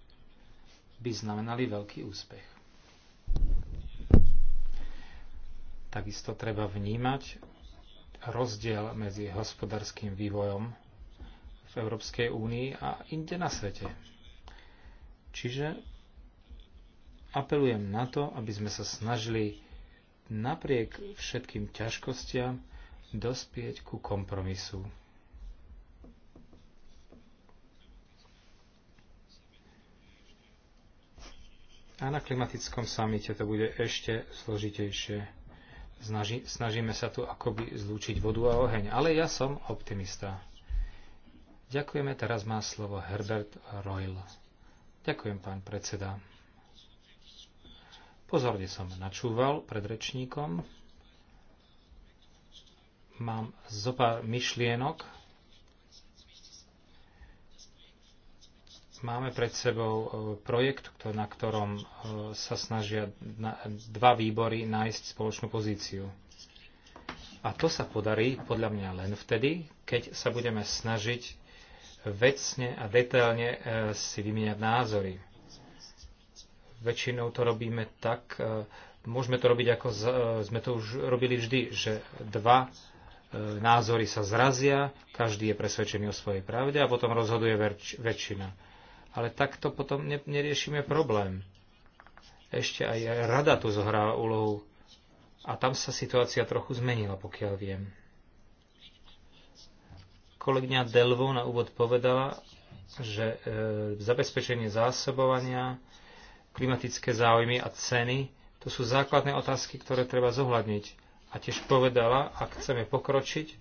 by znamenali veľký úspech. Takisto treba vnímať rozdiel medzi hospodárským vývojom v Európskej únii a inde na svete. Čiže apelujem na to, aby sme sa snažili napriek všetkým ťažkostiam dospieť ku kompromisu. A na klimatickom samite to bude ešte zložitejšie. Snaži, snažíme sa tu akoby zlúčiť vodu a oheň, ale ja som optimista. Ďakujeme, teraz má slovo Herbert Royle. Ďakujem, pán predseda. Pozorne som načúval pred rečníkom. Mám zo pár myšlienok. Máme pred sebou e, projekt, na ktorom e, sa snažia dva výbory nájsť spoločnú pozíciu. A to sa podarí podľa mňa len vtedy, keď sa budeme snažiť vecne a detailne e, si vymieňať názory. Väčšinou to robíme tak, e, môžeme to robiť ako e, sme to už robili vždy, že dva e, názory sa zrazia, každý je presvedčený o svojej pravde a potom rozhoduje väčšina. Ale takto potom ne, neriešime problém. Ešte aj rada tu zohráva úlohu. A tam sa situácia trochu zmenila, pokiaľ viem. Kolegyňa Delvo na úvod povedala, že e, zabezpečenie zásobovania klimatické záujmy a ceny, to sú základné otázky, ktoré treba zohľadniť. A tiež povedala, ak chceme pokročiť,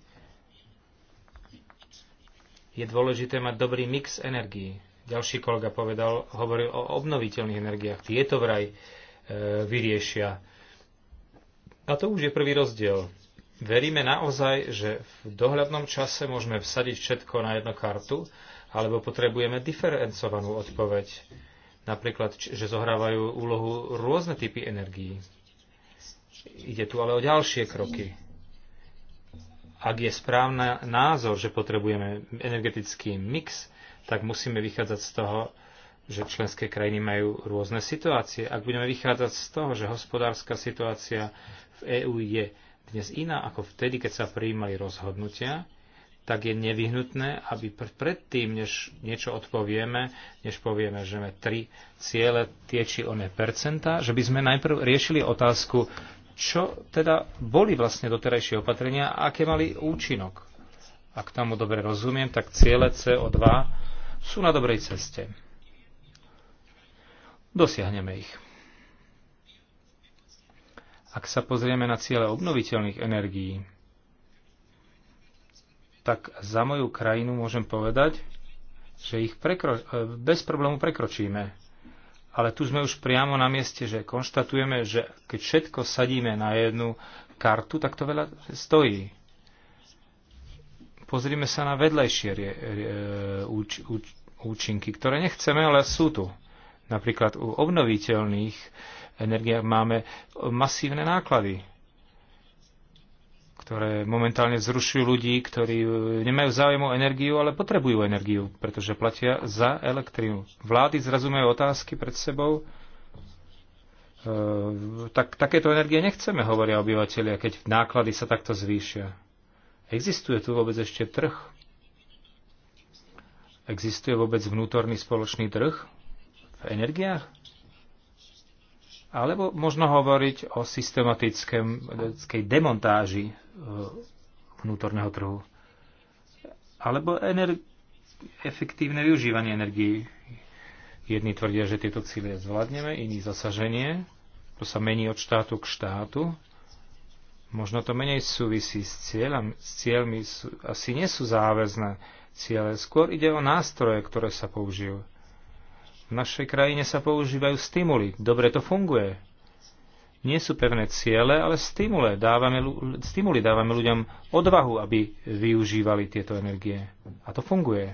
je dôležité mať dobrý mix energií. Ďalší kolega povedal, hovoril o obnoviteľných energiách. Tieto vraj e, vyriešia. A to už je prvý rozdiel. Veríme naozaj, že v dohľadnom čase môžeme vsadiť všetko na jednu kartu, alebo potrebujeme diferencovanú odpoveď napríklad, že zohrávajú úlohu rôzne typy energií. Ide tu ale o ďalšie kroky. Ak je správny názor, že potrebujeme energetický mix, tak musíme vychádzať z toho, že členské krajiny majú rôzne situácie. Ak budeme vychádzať z toho, že hospodárska situácia v EÚ je dnes iná ako vtedy, keď sa prijímali rozhodnutia, tak je nevyhnutné, aby predtým, než niečo odpovieme, než povieme, že máme tri ciele, tie či oné percentá, že by sme najprv riešili otázku, čo teda boli vlastne doterajšie opatrenia a aké mali účinok. Ak tomu dobre rozumiem, tak ciele CO2 sú na dobrej ceste. Dosiahneme ich. Ak sa pozrieme na ciele obnoviteľných energií, tak za moju krajinu môžem povedať, že ich prekro- e, bez problému prekročíme. Ale tu sme už priamo na mieste, že konštatujeme, že keď všetko sadíme na jednu kartu, tak to veľa stojí. Pozrime sa na vedlejšie rie- rie- e, úč- úč- účinky, ktoré nechceme, ale sú tu. Napríklad u obnoviteľných energiách máme masívne náklady ktoré momentálne vzrušujú ľudí, ktorí e, nemajú záujem o energiu, ale potrebujú energiu, pretože platia za elektrínu. Vlády zrazu majú otázky pred sebou. E, tak, takéto energie nechceme, hovoria obyvateľia, keď náklady sa takto zvýšia. Existuje tu vôbec ešte trh? Existuje vôbec vnútorný spoločný trh v energiách? Alebo možno hovoriť o systematickej demontáži Eh, vnútorného trhu. Alebo ener- efektívne využívanie energií. Jedni tvrdia, že tieto cíle zvládneme, iní zasaženie. To sa mení od štátu k štátu. Možno to menej súvisí s, cieľami, s cieľmi, asi nie sú záväzné ciele, skôr ide o nástroje, ktoré sa použijú. V našej krajine sa používajú stimuly, dobre to funguje nie sú pevné ciele, ale stimule. Dávame, stimuli dávame ľuďom odvahu, aby využívali tieto energie. A to funguje.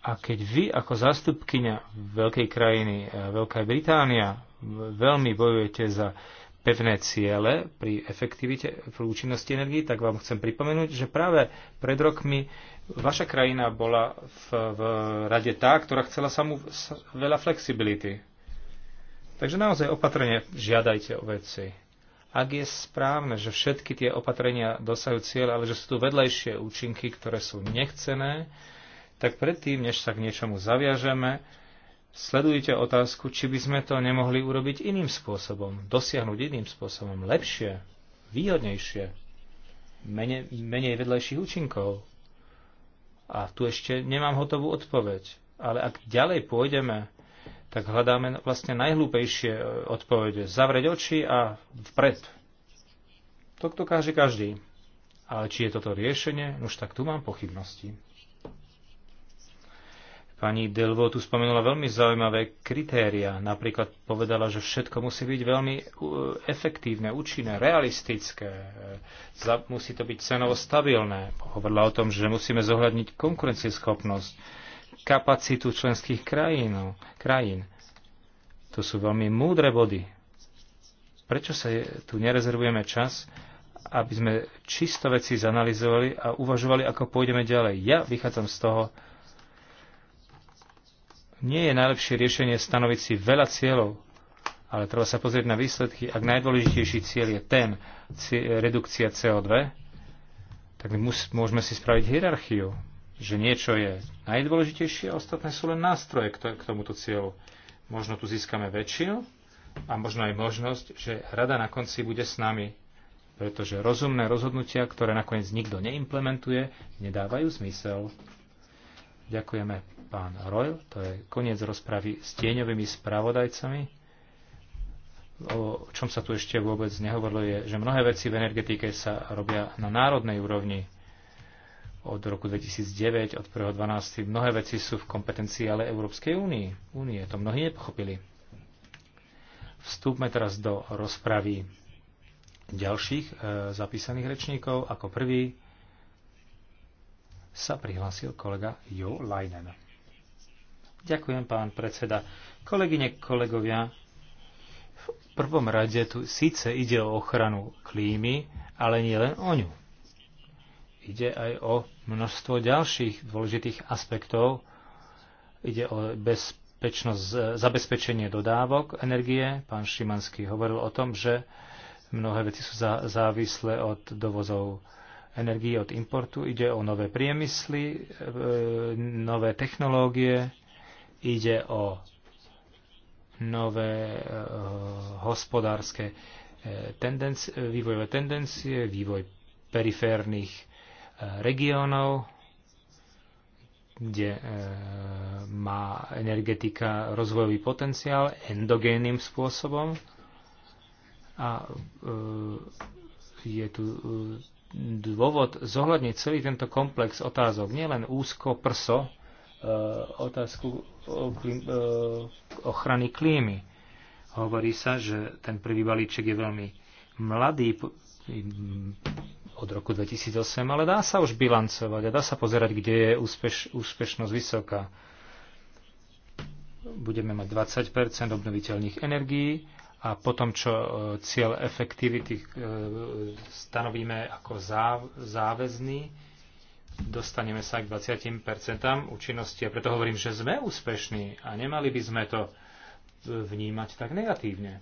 A keď vy ako zastupkynia veľkej krajiny, eh, Veľká Británia, veľmi bojujete za pevné ciele pri efektivite, pri účinnosti energii, tak vám chcem pripomenúť, že práve pred rokmi vaša krajina bola v, v rade tá, ktorá chcela samú veľa flexibility Takže naozaj opatrne žiadajte o veci. Ak je správne, že všetky tie opatrenia dosajú cieľ, ale že sú tu vedlejšie účinky, ktoré sú nechcené, tak predtým, než sa k niečomu zaviažeme, sledujte otázku, či by sme to nemohli urobiť iným spôsobom, dosiahnuť iným spôsobom, lepšie, výhodnejšie, menej, menej vedlejších účinkov. A tu ešte nemám hotovú odpoveď. Ale ak ďalej pôjdeme tak hľadáme vlastne najhlúpejšie e, odpovede. Zavrieť oči a vpred. To káže každý. Ale či je toto riešenie, no už tak tu mám pochybnosti. Pani Delvo tu spomenula veľmi zaujímavé kritéria. Napríklad povedala, že všetko musí byť veľmi e, efektívne, účinné, realistické. Musí to byť cenovo stabilné. Hovorila o tom, že musíme zohľadniť konkurencieschopnosť kapacitu členských krajín. krajín. To sú veľmi múdre body. Prečo sa tu nerezervujeme čas, aby sme čisto veci zanalizovali a uvažovali, ako pôjdeme ďalej? Ja vychádzam z toho, nie je najlepšie riešenie stanoviť si veľa cieľov, ale treba sa pozrieť na výsledky. Ak najdôležitejší cieľ je ten, redukcia CO2, tak my môžeme si spraviť hierarchiu že niečo je najdôležitejšie a ostatné sú len nástroje k tomuto cieľu. Možno tu získame väčšinu a možno aj možnosť, že rada na konci bude s nami, pretože rozumné rozhodnutia, ktoré nakoniec nikto neimplementuje, nedávajú zmysel. Ďakujeme pán Royal, to je koniec rozpravy s tieňovými spravodajcami o čom sa tu ešte vôbec nehovorilo, je, že mnohé veci v energetike sa robia na národnej úrovni od roku 2009, od 1.12. Mnohé veci sú v kompetencii ale Európskej únie. únie. To mnohí nepochopili. Vstúpme teraz do rozpravy ďalších e, zapísaných rečníkov. Ako prvý sa prihlásil kolega Jo Leinen. Ďakujem, pán predseda. Kolegyne, kolegovia, v prvom rade tu síce ide o ochranu klímy, ale nie len o ňu ide aj o množstvo ďalších dôležitých aspektov. Ide o bezpečnosť, zabezpečenie dodávok energie. Pán Šimanský hovoril o tom, že mnohé veci sú závislé od dovozov energie, od importu. Ide o nové priemysly, e, nové technológie, ide o nové e, hospodárske e, tendencie, vývojové tendencie, vývoj periférnych regiónov, kde e, má energetika rozvojový potenciál endogénnym spôsobom. A e, je tu e, dôvod zohľadniť celý tento komplex otázok, nielen úzko prso, otázku ochrany klímy. Hovorí sa, že ten prvý balíček je veľmi mladý, od roku 2008, ale dá sa už bilancovať a dá sa pozerať, kde je úspeš, úspešnosť vysoká. Budeme mať 20 obnoviteľných energií a potom, čo e, cieľ efektivity e, stanovíme ako záväzný, dostaneme sa k 20 účinnosti. A preto hovorím, že sme úspešní a nemali by sme to vnímať tak negatívne.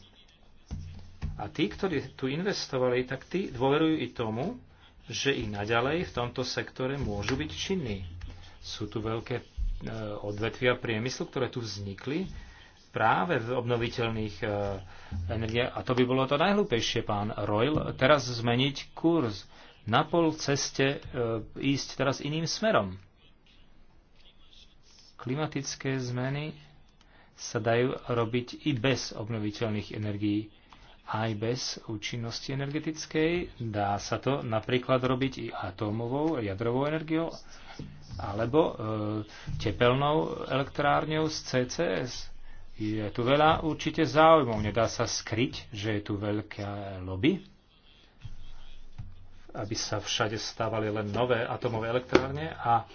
A tí, ktorí tu investovali, tak tí dôverujú i tomu, že i naďalej v tomto sektore môžu byť činní. Sú tu veľké e, odvetvia priemyslu, ktoré tu vznikli práve v obnoviteľných e, energiách. A to by bolo to najhlúpejšie, pán Royl, teraz zmeniť kurz. Na pol ceste e, ísť teraz iným smerom. Klimatické zmeny sa dajú robiť i bez obnoviteľných energií aj bez účinnosti energetickej. Dá sa to napríklad robiť i atómovou, jadrovou energiou, alebo e, tepelnou elektrárňou z CCS. Je tu veľa určite záujmov. Nedá sa skryť, že je tu veľké lobby, aby sa všade stávali len nové atomové elektrárne a e,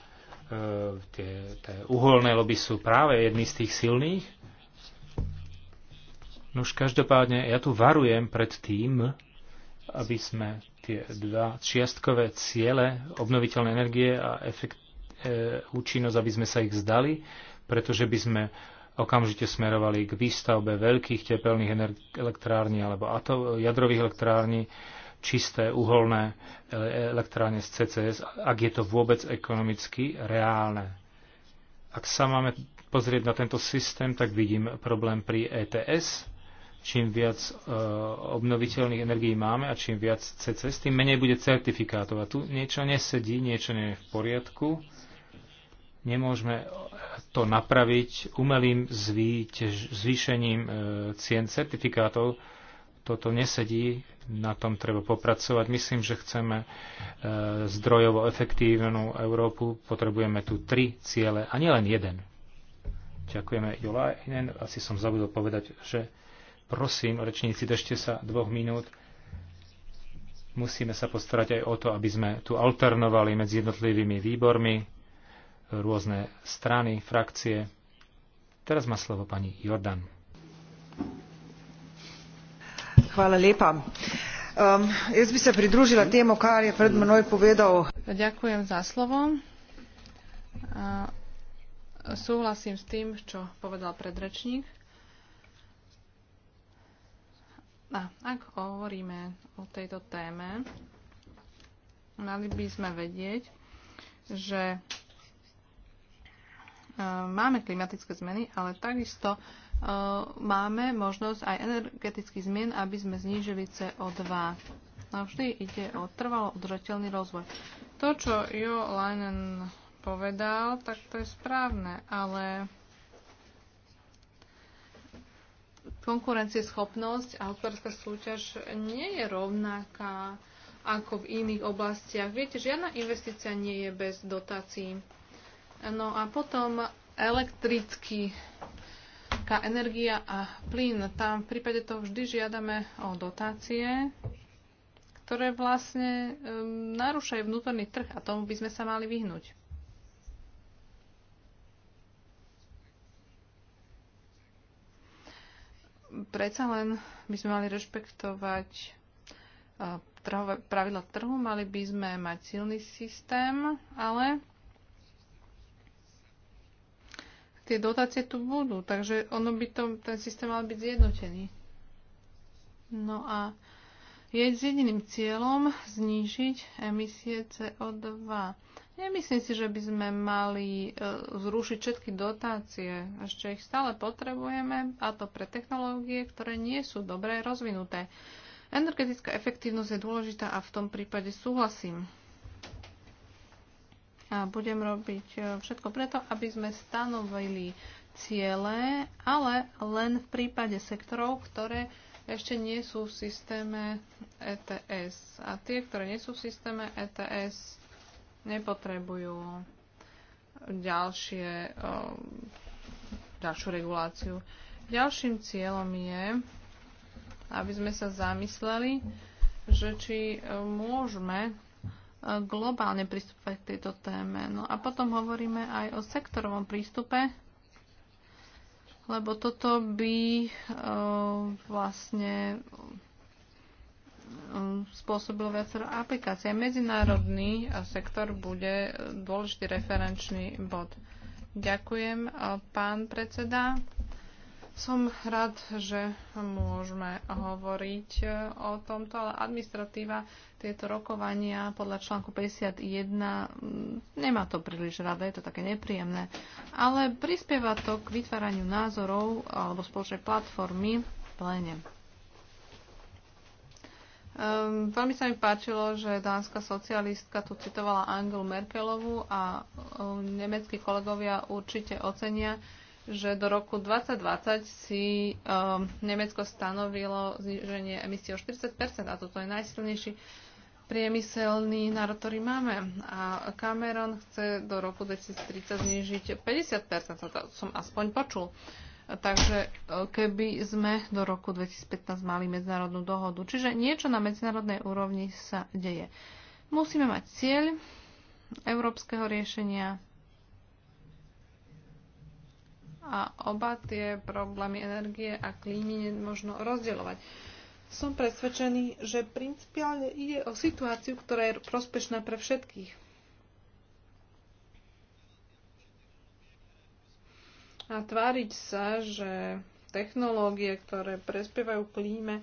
tie, tie uholné lobby sú práve jedny z tých silných No už každopádne ja tu varujem pred tým, aby sme tie dva čiastkové ciele, obnoviteľné energie a efekt, e, účinnosť, aby sme sa ich zdali, pretože by sme okamžite smerovali k výstavbe veľkých tepelných elektrární alebo jadrových elektrární, čisté uholné e, elektrárne z CCS, ak je to vôbec ekonomicky reálne. Ak sa máme pozrieť na tento systém, tak vidím problém pri ETS, Čím viac e, obnoviteľných energií máme a čím viac CCS, tým menej bude certifikátov. A tu niečo nesedí, niečo nie je v poriadku. Nemôžeme to napraviť umelým zvýtež, zvýšením e, cien certifikátov. Toto nesedí, na tom treba popracovať. Myslím, že chceme e, zdrojovo efektívnu Európu. Potrebujeme tu tri ciele a nielen jeden. Ďakujeme Jolajnen. Asi som zabudol povedať, že Prosím, rečníci, držte sa dvoch minút. Musíme sa postarať aj o to, aby sme tu alternovali medzi jednotlivými výbormi, rôzne strany, frakcie. Teraz má slovo pani Jordan. Hvala lepa. Um, jaz bi se pridružila temu, kar je pred menoj povedal. Ďakujem za slovo. Uh, súhlasím s tým, čo povedal predrečník. A ak hovoríme o tejto téme, mali by sme vedieť, že e, máme klimatické zmeny, ale takisto e, máme možnosť aj energetických zmien, aby sme znížili CO2. A no, vždy ide o trvalo udržateľný rozvoj. To, čo Jo Leinen povedal, tak to je správne, ale konkurencieschopnosť a hospodárska súťaž nie je rovnaká ako v iných oblastiach. Viete, žiadna investícia nie je bez dotácií. No a potom elektrický energia a plyn. Tam v prípade toho vždy žiadame o dotácie, ktoré vlastne um, narúšajú vnútorný trh a tomu by sme sa mali vyhnúť. predsa len by sme mali rešpektovať trhové, pravidla trhu, mali by sme mať silný systém, ale tie dotácie tu budú, takže ono by to, ten systém mal byť zjednotený. No a je s jediným cieľom znížiť emisie CO2. Nemyslím si, že by sme mali e, zrušiť všetky dotácie. Ešte ich stále potrebujeme, a to pre technológie, ktoré nie sú dobre rozvinuté. Energetická efektívnosť je dôležitá a v tom prípade súhlasím. A budem robiť e, všetko preto, aby sme stanovili ciele, ale len v prípade sektorov, ktoré ešte nie sú v systéme ETS. A tie, ktoré nie sú v systéme ETS, nepotrebujú ďalšie, ďalšiu reguláciu. Ďalším cieľom je, aby sme sa zamysleli, že či e, môžeme e, globálne pristúpať k tejto téme. No a potom hovoríme aj o sektorovom prístupe, lebo toto by e, vlastne E, spôsobilo viacero aplikácií. Medzinárodný e, sektor bude e, dôležitý referenčný bod. Ďakujem, pán predseda. Som rád, že môžeme hovoriť o tomto, ale administratíva tieto rokovania podľa článku 51 mm, nemá to príliš rada, je to také nepríjemné. Ale prispieva to k vytváraniu názorov alebo spoločnej platformy v pléne. Um, veľmi sa mi páčilo, že dánska socialistka tu citovala Angelu Merkelovu a um, nemeckí kolegovia určite ocenia, že do roku 2020 si um, Nemecko stanovilo zniženie emisí o 40 a toto je najsilnejší priemyselný národ, ktorý máme. A Cameron chce do roku 2030 znižiť 50 to som aspoň počul. Uh, Takže e, keby sme do roku 2015 mali medzinárodnú dohodu. Čiže niečo na medzinárodnej úrovni sa deje. Musíme mať cieľ európskeho riešenia a oba tie problémy energie a klímy možno rozdielovať. Som presvedčený, že principiálne ide o situáciu, ktorá je prospešná pre všetkých. a tváriť sa, že technológie, ktoré prespievajú klíme,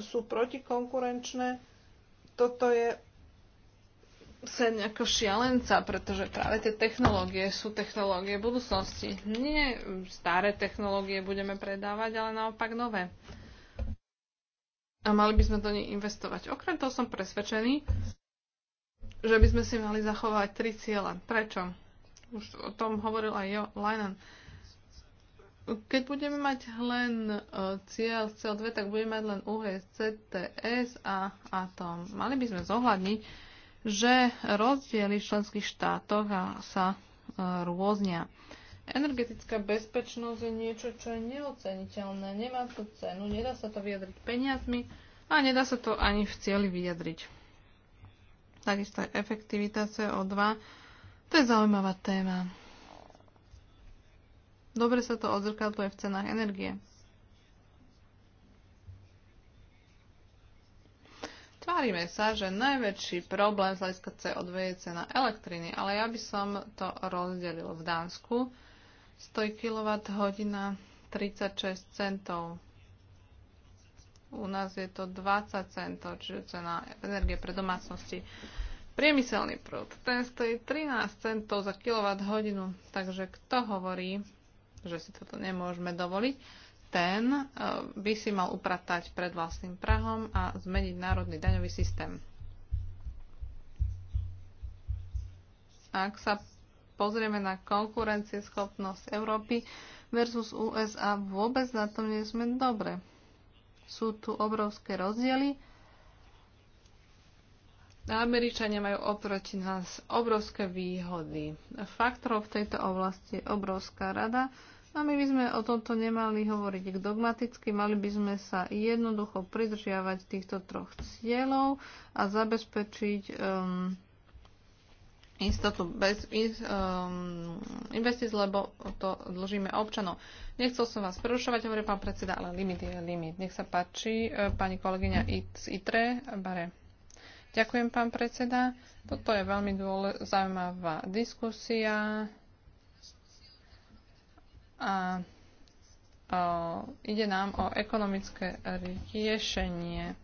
sú protikonkurenčné, toto je sen ako šialenca, pretože práve tie technológie sú technológie budúcnosti. Nie staré technológie budeme predávať, ale naopak nové. A mali by sme do nej investovať. Okrem toho som presvedčený, že by sme si mali zachovať tri ciele. Prečo? Už o tom hovoril aj Jo Leinen keď budeme mať len e, cieľ CO2, tak budeme mať len uhlie CTS a atom. Mali by sme zohľadniť, že rozdiely v členských štátoch sa e, rôznia. Energetická bezpečnosť je niečo, čo je neoceniteľné, nemá to cenu, nedá sa to vyjadriť peniazmi a nedá sa to ani v cieli vyjadriť. Takisto aj efektivita CO2, to je zaujímavá téma. Dobre sa to odzrkadluje v cenách energie. Tvárime sa, že najväčší problém z hľadiska CO2 je cena elektriny, ale ja by som to rozdelil v Dánsku. 100 kWh 36 centov. U nás je to 20 centov, čiže cena energie pre domácnosti. Priemyselný prúd, ten stojí 13 centov za kWh, takže kto hovorí, že si toto nemôžeme dovoliť, ten e, by si mal upratať pred vlastným prahom a zmeniť národný daňový systém. Ak sa pozrieme na konkurencieschopnosť Európy versus USA, vôbec na tom nie sme dobre. Sú tu obrovské rozdiely Američania majú oproti nás obrovské výhody. Faktorov v tejto oblasti je obrovská rada a my by sme o tomto nemali hovoriť dogmaticky, mali by sme sa jednoducho pridržiavať týchto troch cieľov a zabezpečiť um, istotu bez um, investíc, lebo to dlžíme občanov. Nechcel som vás prerušovať, hovorí pán predseda, ale limit je limit. Nech sa páči, e, pani kolegyňa z ITRE, bare. Ďakujem, pán predseda. Toto je veľmi zaujímavá diskusia. A ide nám o ekonomické riešenie.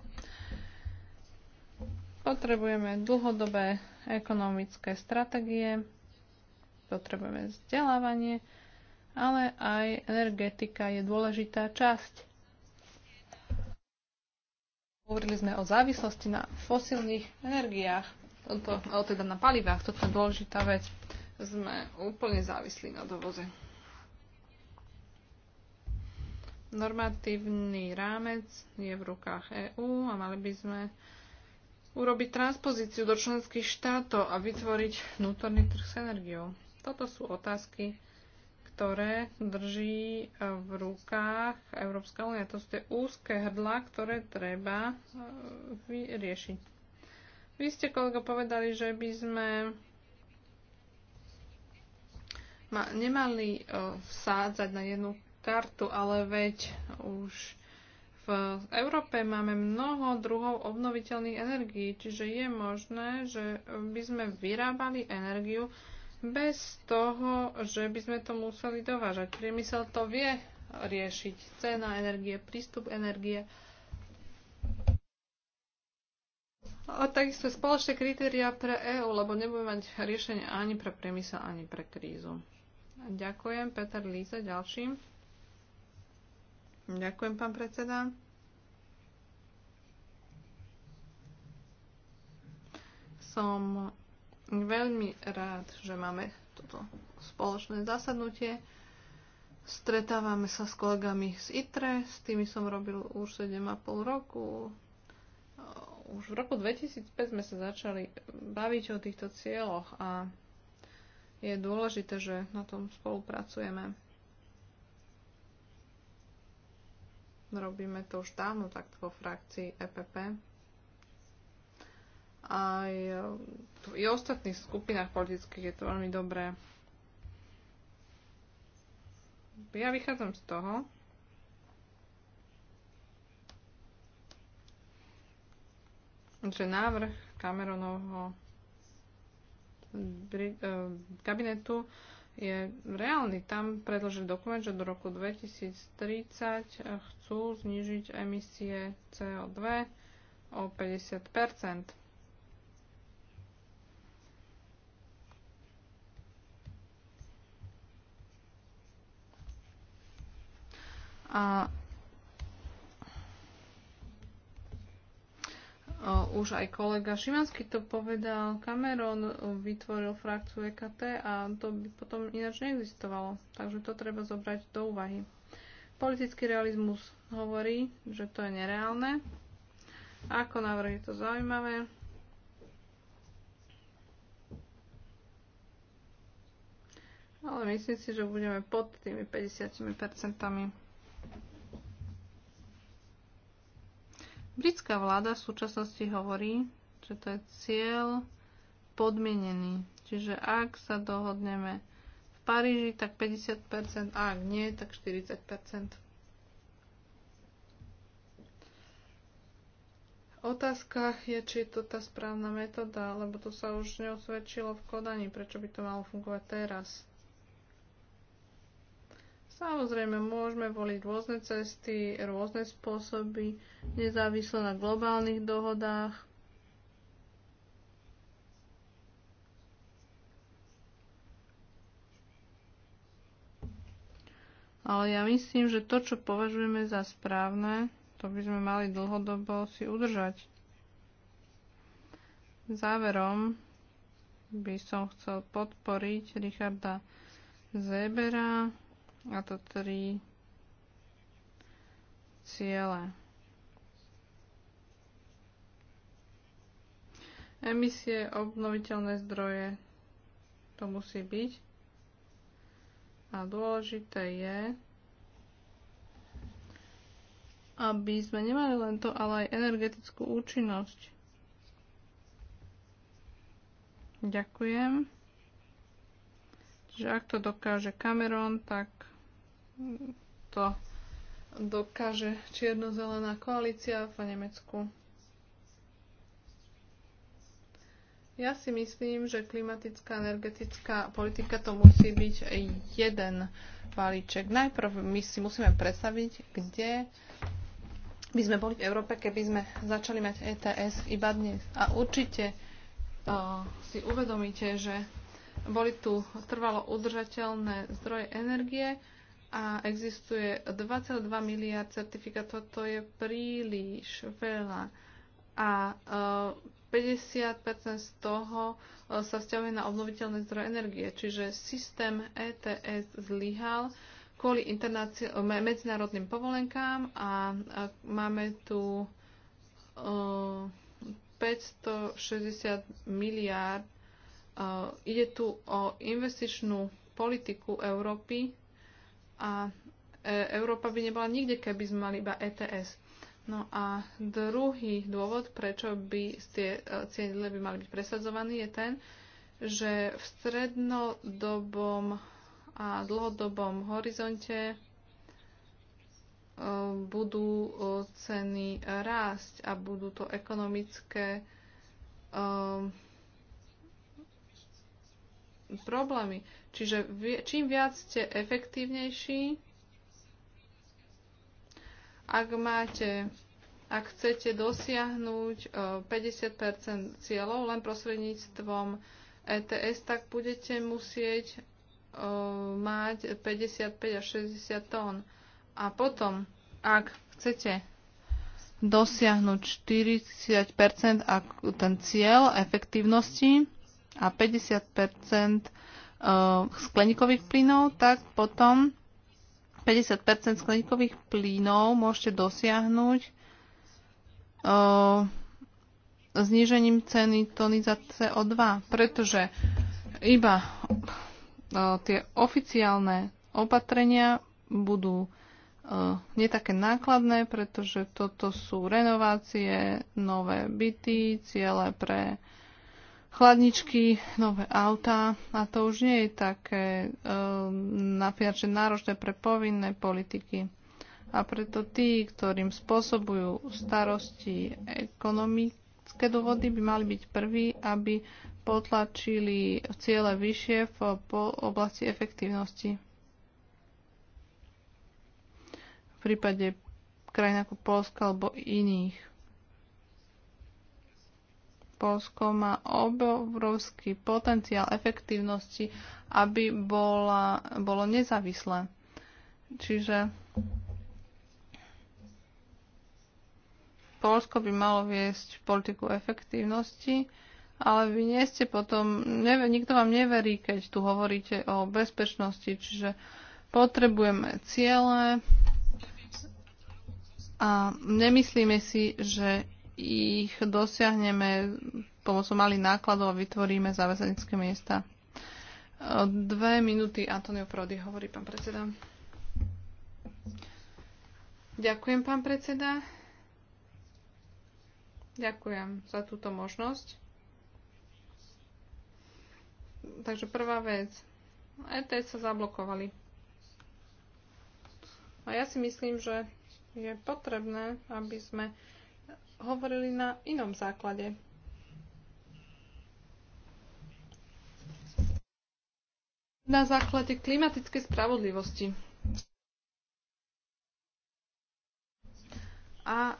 Potrebujeme dlhodobé ekonomické stratégie, potrebujeme vzdelávanie, ale aj energetika je dôležitá časť Hovorili sme o závislosti na fosilných energiách, to, o teda na palivách, toto je dôležitá vec. Sme úplne závislí na dovoze. Normatívny rámec je v rukách EÚ a mali by sme urobiť transpozíciu do členských štátov a vytvoriť vnútorný trh s energiou. Toto sú otázky, ktoré drží e, v rukách Európska únia. To sú tie úzke hrdla, ktoré treba e, vyriešiť. Vy ste, kolego, povedali, že by sme nemali e, vsádzať na jednu kartu, ale veď už v Európe máme mnoho druhov obnoviteľných energií, čiže je možné, že by sme vyrábali energiu, bez toho, že by sme to museli dovážať. Priemysel to vie riešiť. Cena energie, prístup energie. A takisto spoločné kritéria pre EÚ, lebo nebudeme mať riešenie ani pre priemysel, ani pre krízu. Ďakujem, Peter Líza, ďalším. Ďakujem, pán predseda. Som veľmi rád, že máme toto spoločné zasadnutie. Stretávame sa s kolegami z ITRE, s tými som robil už 7,5 roku. Už v roku 2005 sme sa začali baviť o týchto cieľoch a je dôležité, že na tom spolupracujeme. Robíme to už dávno takto vo frakcii EPP aj eh, v ostatných skupinách politických je to veľmi dobré. Ja vychádzam z toho, že návrh Cameronovho eh, kabinetu je reálny. Tam predložil dokument, že do roku 2030 chcú znižiť emisie CO2 o 50 A už aj kolega Šimanský to povedal, Cameron vytvoril frakciu EKT a to by potom ináč neexistovalo. Takže to treba zobrať do úvahy. Politický realizmus hovorí, že to je nereálne. Ako návrh je to zaujímavé. Ale myslím si, že budeme pod tými 50%. Britská vláda v súčasnosti hovorí, že to je cieľ podmienený. Čiže ak sa dohodneme v Paríži, tak 50%, a ak nie, tak 40%. Otázka je, či je to tá správna metóda, lebo to sa už neosvedčilo v Kodani, prečo by to malo fungovať teraz. Samozrejme, môžeme voliť rôzne cesty, rôzne spôsoby, nezávisle na globálnych dohodách. Ale ja myslím, že to, čo považujeme za správne, to by sme mali dlhodobo si udržať. Záverom by som chcel podporiť Richarda Zebera a to tri ciele. Emisie, obnoviteľné zdroje, to musí byť. A dôležité je, aby sme nemali len to, ale aj energetickú účinnosť. Ďakujem. Čiže ak to dokáže Cameron, tak to dokáže čierno-zelená koalícia v Nemecku. Ja si myslím, že klimatická energetická politika to musí byť jeden balíček. Najprv my si musíme predstaviť, kde by sme boli v Európe, keby sme začali mať ETS iba dnes. A určite uh, si uvedomíte, že boli tu trvalo udržateľné zdroje energie, a existuje 22 miliard certifikátov, to je príliš veľa. A 50% e, z toho e, sa vzťahuje na obnoviteľné zdroje energie, čiže systém ETS zlyhal kvôli e, medzinárodným povolenkám a máme tu 560 miliárd. Ide tu o investičnú politiku Európy, a e, Európa by nebola nikde, keby sme mali iba ETS. No a druhý dôvod, prečo by tie e, cieľe by mali byť presadzovaní, je ten, že v strednodobom a dlhodobom horizonte e, budú ceny rásť a budú to ekonomické problémy. Čiže čím viac ste efektívnejší, ak máte ak chcete dosiahnuť 50 e, cieľov len prostredníctvom ETS, tak budete musieť e, mať 55 až 60 tón. A potom, ak chcete dosiahnuť 40 ten cieľ efektívnosti a 50 Eh, skleníkových plynov, tak potom 50 skleníkových plynov môžete dosiahnuť eh, znížením ceny tony za CO2, pretože iba eh, tie oficiálne opatrenia budú nie také nákladné, pretože toto sú renovácie, nové byty, ciele pre chladničky, nové autá a to už nie je také e, napiače náročné pre povinné politiky. A preto tí, ktorým spôsobujú starosti ekonomické dôvody, by mali byť prví, aby potlačili ciele vyššie v oblasti efektívnosti. V prípade krajín ako Polska alebo iných. Polsko má obrovský potenciál efektívnosti, aby bola, bolo nezávislé. Čiže Polsko by malo viesť politiku efektívnosti, ale vy nie ste potom, neve, nikto vám neverí, keď tu hovoríte o bezpečnosti, čiže potrebujeme ciele a nemyslíme si, že ich dosiahneme pomocou malých nákladov a vytvoríme záväzenické miesta. Dve minúty Antonio Prodi hovorí, pán predseda. Ďakujem, pán predseda. Ďakujem za túto možnosť. Takže prvá vec. ETS sa zablokovali. A ja si myslím, že je potrebné, aby sme hovorili na inom základe. Na základe klimatickej spravodlivosti. A e,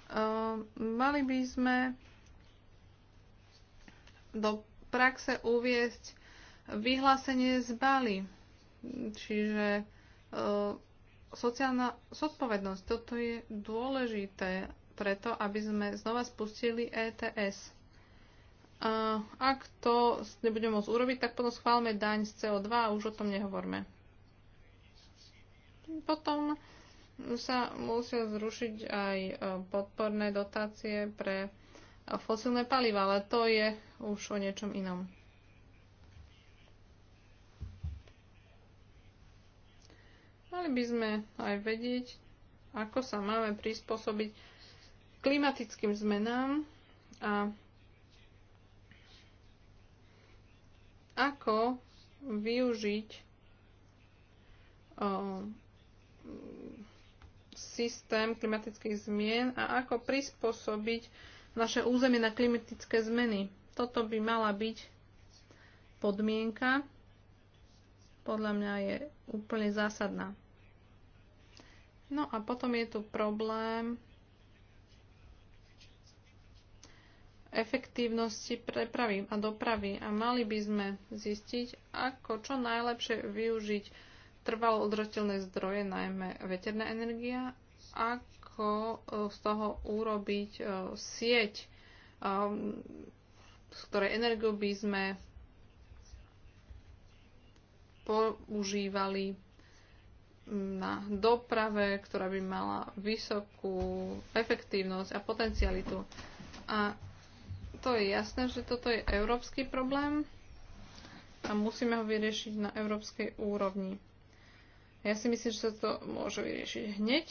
mali by sme do praxe uviesť vyhlásenie z Bali, čiže e, sociálna zodpovednosť. Toto je dôležité preto, aby sme znova spustili ETS. ak to nebudeme môcť urobiť, tak potom schválme daň z CO2 a už o tom nehovorme. Potom sa musia zrušiť aj e, podporné dotácie pre e, fosilné paliva, ale to je už o niečom inom. Mali by sme aj vedieť, ako sa máme prispôsobiť klimatickým zmenám a ako využiť o, systém klimatických zmien a ako prispôsobiť naše územie na klimatické zmeny. Toto by mala byť podmienka, podľa mňa je úplne zásadná. No a potom je tu problém efektívnosti prepravy a dopravy a mali by sme zistiť, ako čo najlepšie využiť trvalo odrateľné zdroje, najmä veterná energia, ako e, z toho urobiť e, sieť, e, z ktorej energiu by sme používali na doprave, ktorá by mala vysokú efektívnosť a potencialitu. A to je jasné, že toto je európsky problém a musíme ho vyriešiť na európskej úrovni. Ja si myslím, že sa to môže vyriešiť hneď,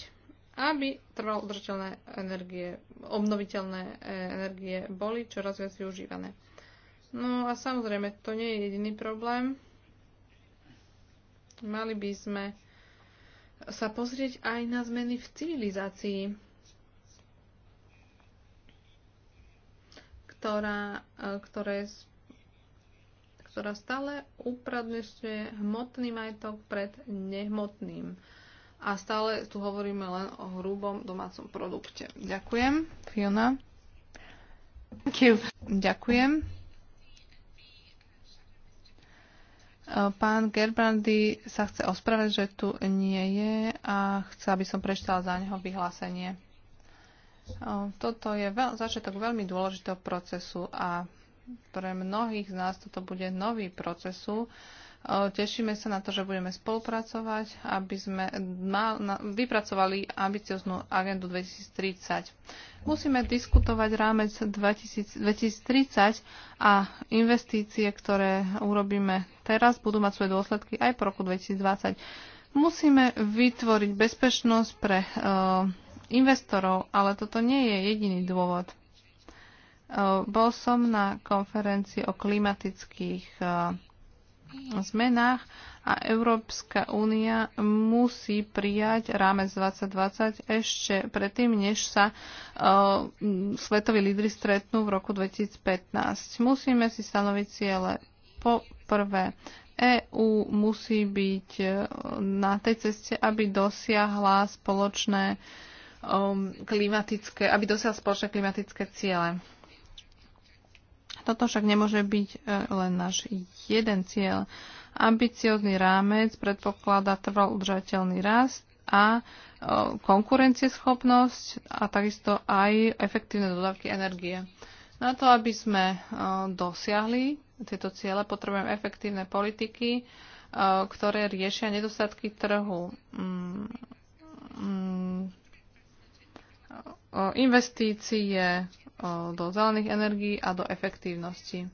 aby trvalo udržateľné energie, obnoviteľné e, energie boli čoraz viac využívané. No a samozrejme, to nie je jediný problém. Mali by sme sa pozrieť aj na zmeny v civilizácii ktorá, e, ktoré, ktorá stále upradnešuje hmotný majetok pred nehmotným. A stále tu hovoríme len o hrubom domácom produkte. Ďakujem, Fiona. Ďakujem. E, pán Gerbrandy sa chce ospravedlniť, že tu nie je a chce, aby som prečítala za neho vyhlásenie. Toto je veľ, začiatok veľmi dôležitého procesu a pre mnohých z nás toto bude nový procesu. Tešíme sa na to, že budeme spolupracovať, aby sme mal, na, vypracovali ambicioznú agendu 2030. Musíme diskutovať rámec 2000, 2030 a investície, ktoré urobíme teraz, budú mať svoje dôsledky aj po roku 2020. Musíme vytvoriť bezpečnosť pre uh, investorov, ale toto nie je jediný dôvod. E, bol som na konferencii o klimatických e, zmenách a Európska únia musí prijať rámec 2020 ešte predtým, než sa uh, svetoví lídry stretnú v roku 2015. Musíme si stanoviť ciele. Po prvé, EÚ musí byť na tej ceste, aby dosiahla spoločné uh, um, klimatické, aby dosiahol spoločné klimatické ciele. Toto však nemôže byť e, len náš jeden cieľ. Ambiciózny rámec predpokladá trval udržateľný rast a e, konkurencieschopnosť a takisto aj efektívne dodávky energie. Na to, aby sme e, dosiahli tieto ciele, potrebujeme efektívne politiky, ktoré riešia nedostatky trhu. Mm, mm, investície do zelených energií a do efektívnosti.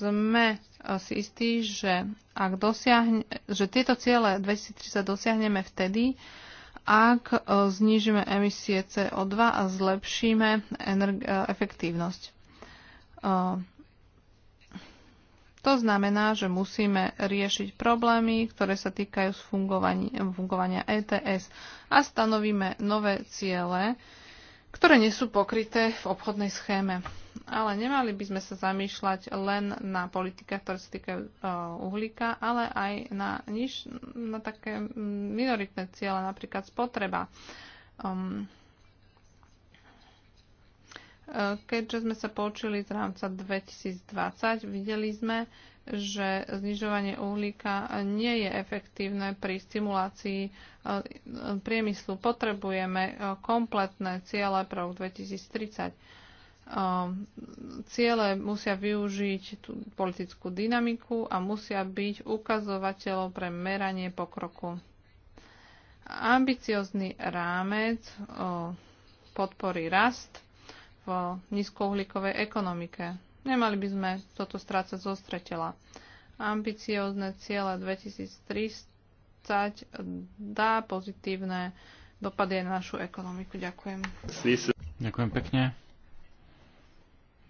Sme si istí, že, ak dosiahne, že tieto ciele 2030 dosiahneme vtedy, ak znížime emisie CO2 a zlepšíme efektívnosť to znamená, že musíme riešiť problémy, ktoré sa týkajú fungovania ETS a stanovíme nové ciele, ktoré nie sú pokryté v obchodnej schéme. Ale nemali by sme sa zamýšľať len na politikách, ktoré sa týkajú e, uhlíka, ale aj na, niž, na také minoritné ciele, napríklad spotreba. Um, Keďže sme sa poučili z rámca 2020, videli sme, že znižovanie uhlíka nie je efektívne pri stimulácii eh, priemyslu. Potrebujeme eh, kompletné ciele pro rok 2030. Eh, ciele musia využiť tú politickú dynamiku a musia byť ukazovateľov pre meranie pokroku. Ambiciozný rámec podporí rast v nízkouhlíkovej ekonomike. Nemali by sme toto strácať zo stretela. Ambiciózne ciele 2030 dá pozitívne dopady na našu ekonomiku. Ďakujem. Ďakujem pekne.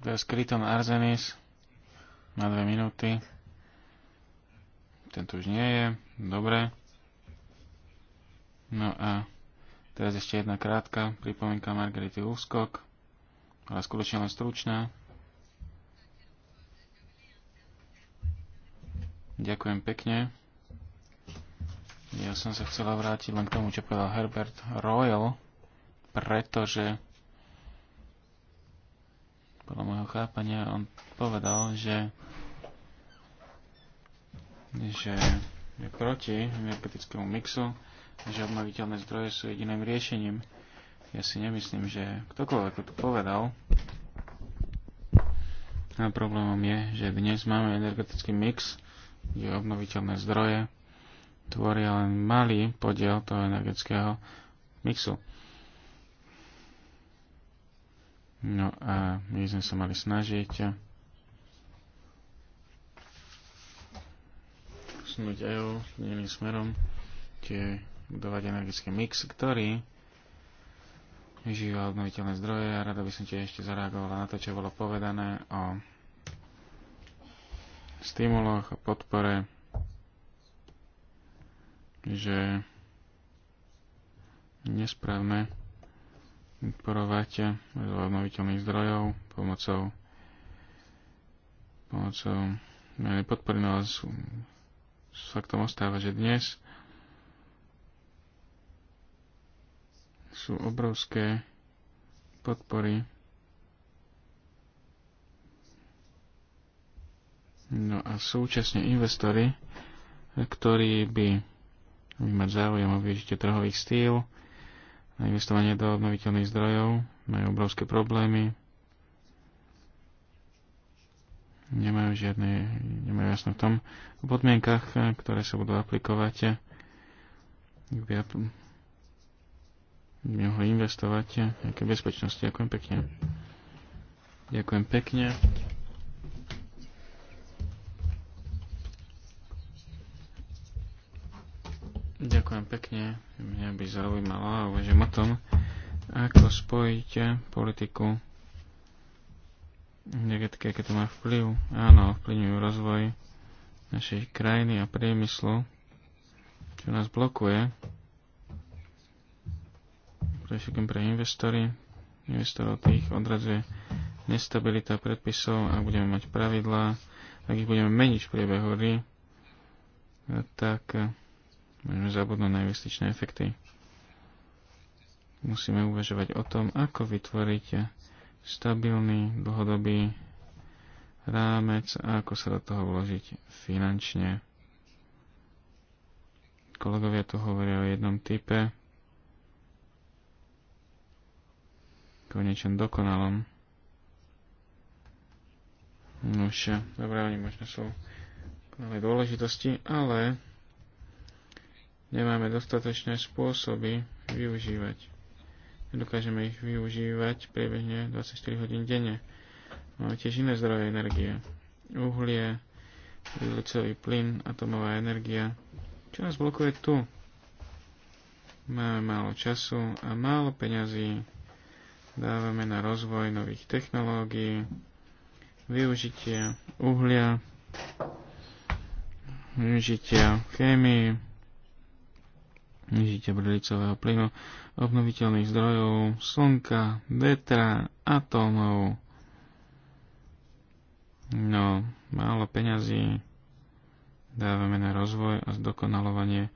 Teraz Kriton Arzenis na dve minúty. tu už nie je. Dobre. No a teraz ešte jedna krátka pripomienka Margarity Úskok ale skutočne len stručná. Ďakujem pekne. Ja som sa chcela vrátiť len k tomu, čo povedal Herbert Royal, pretože podľa môjho chápania on povedal, že že je proti energetickému mixu, že obnoviteľné zdroje sú jediným riešením. Ja si nemyslím, že ktokoľvek to tu povedal. A problémom je, že dnes máme energetický mix, kde obnoviteľné zdroje tvoria len malý podiel toho energetického mixu. No a my sme sa mali snažiť snúť EU iným smerom, tie budovať energetický mix, ktorý Živé obnoviteľné zdroje a rada by som tiež ešte zareagovala na to, čo bolo povedané o stimuloch a podpore, že nesprávne podporovať obnoviteľných zdrojov pomocou pomocou podpory, no ale s, faktom ostáva, že dnes sú obrovské podpory. No a súčasne investory, ktorí by mať záujem o využitie trhových stýl na investovanie do obnoviteľných zdrojov, majú obrovské problémy, nemajú žiadne, nemajú jasno v tom, v podmienkach, ktoré sa budú aplikovať k mohli investovať nejaké bezpečnosti. Ďakujem pekne. Ďakujem pekne. Ďakujem pekne. Mňa by zaujímalo a uvažujem o tom, ako spojíte politiku energetiky, aké to má vplyv. Áno, vplyvňujú rozvoj našej krajiny a priemyslu, čo nás blokuje predovšetkým pre investory. Investorov tých odradzuje nestabilita predpisov a budeme mať pravidlá, ak ich budeme meniť v priebehu hry, tak eh, môžeme zabudnúť na investičné efekty. Musíme uvažovať o tom, ako vytvoriť eh, stabilný dlhodobý rámec a ako sa do toho vložiť finančne. Kolegovia tu hovoria o jednom type konečnom dokonalom. Nož, dobre, oni možno sú ale dôležitosti, ale nemáme dostatočné spôsoby využívať. Nedokážeme ich využívať priebežne 24 hodín denne. Máme tiež iné zdroje energie. Uhlie, ľudcový plyn, atomová energia. Čo nás blokuje tu? Máme málo času a málo peňazí dávame na rozvoj nových technológií, využitie uhlia, využitia chémie, využitia brilicového plynu, obnoviteľných zdrojov, slnka, vetra, atómov. No, málo peňazí dávame na rozvoj a zdokonalovanie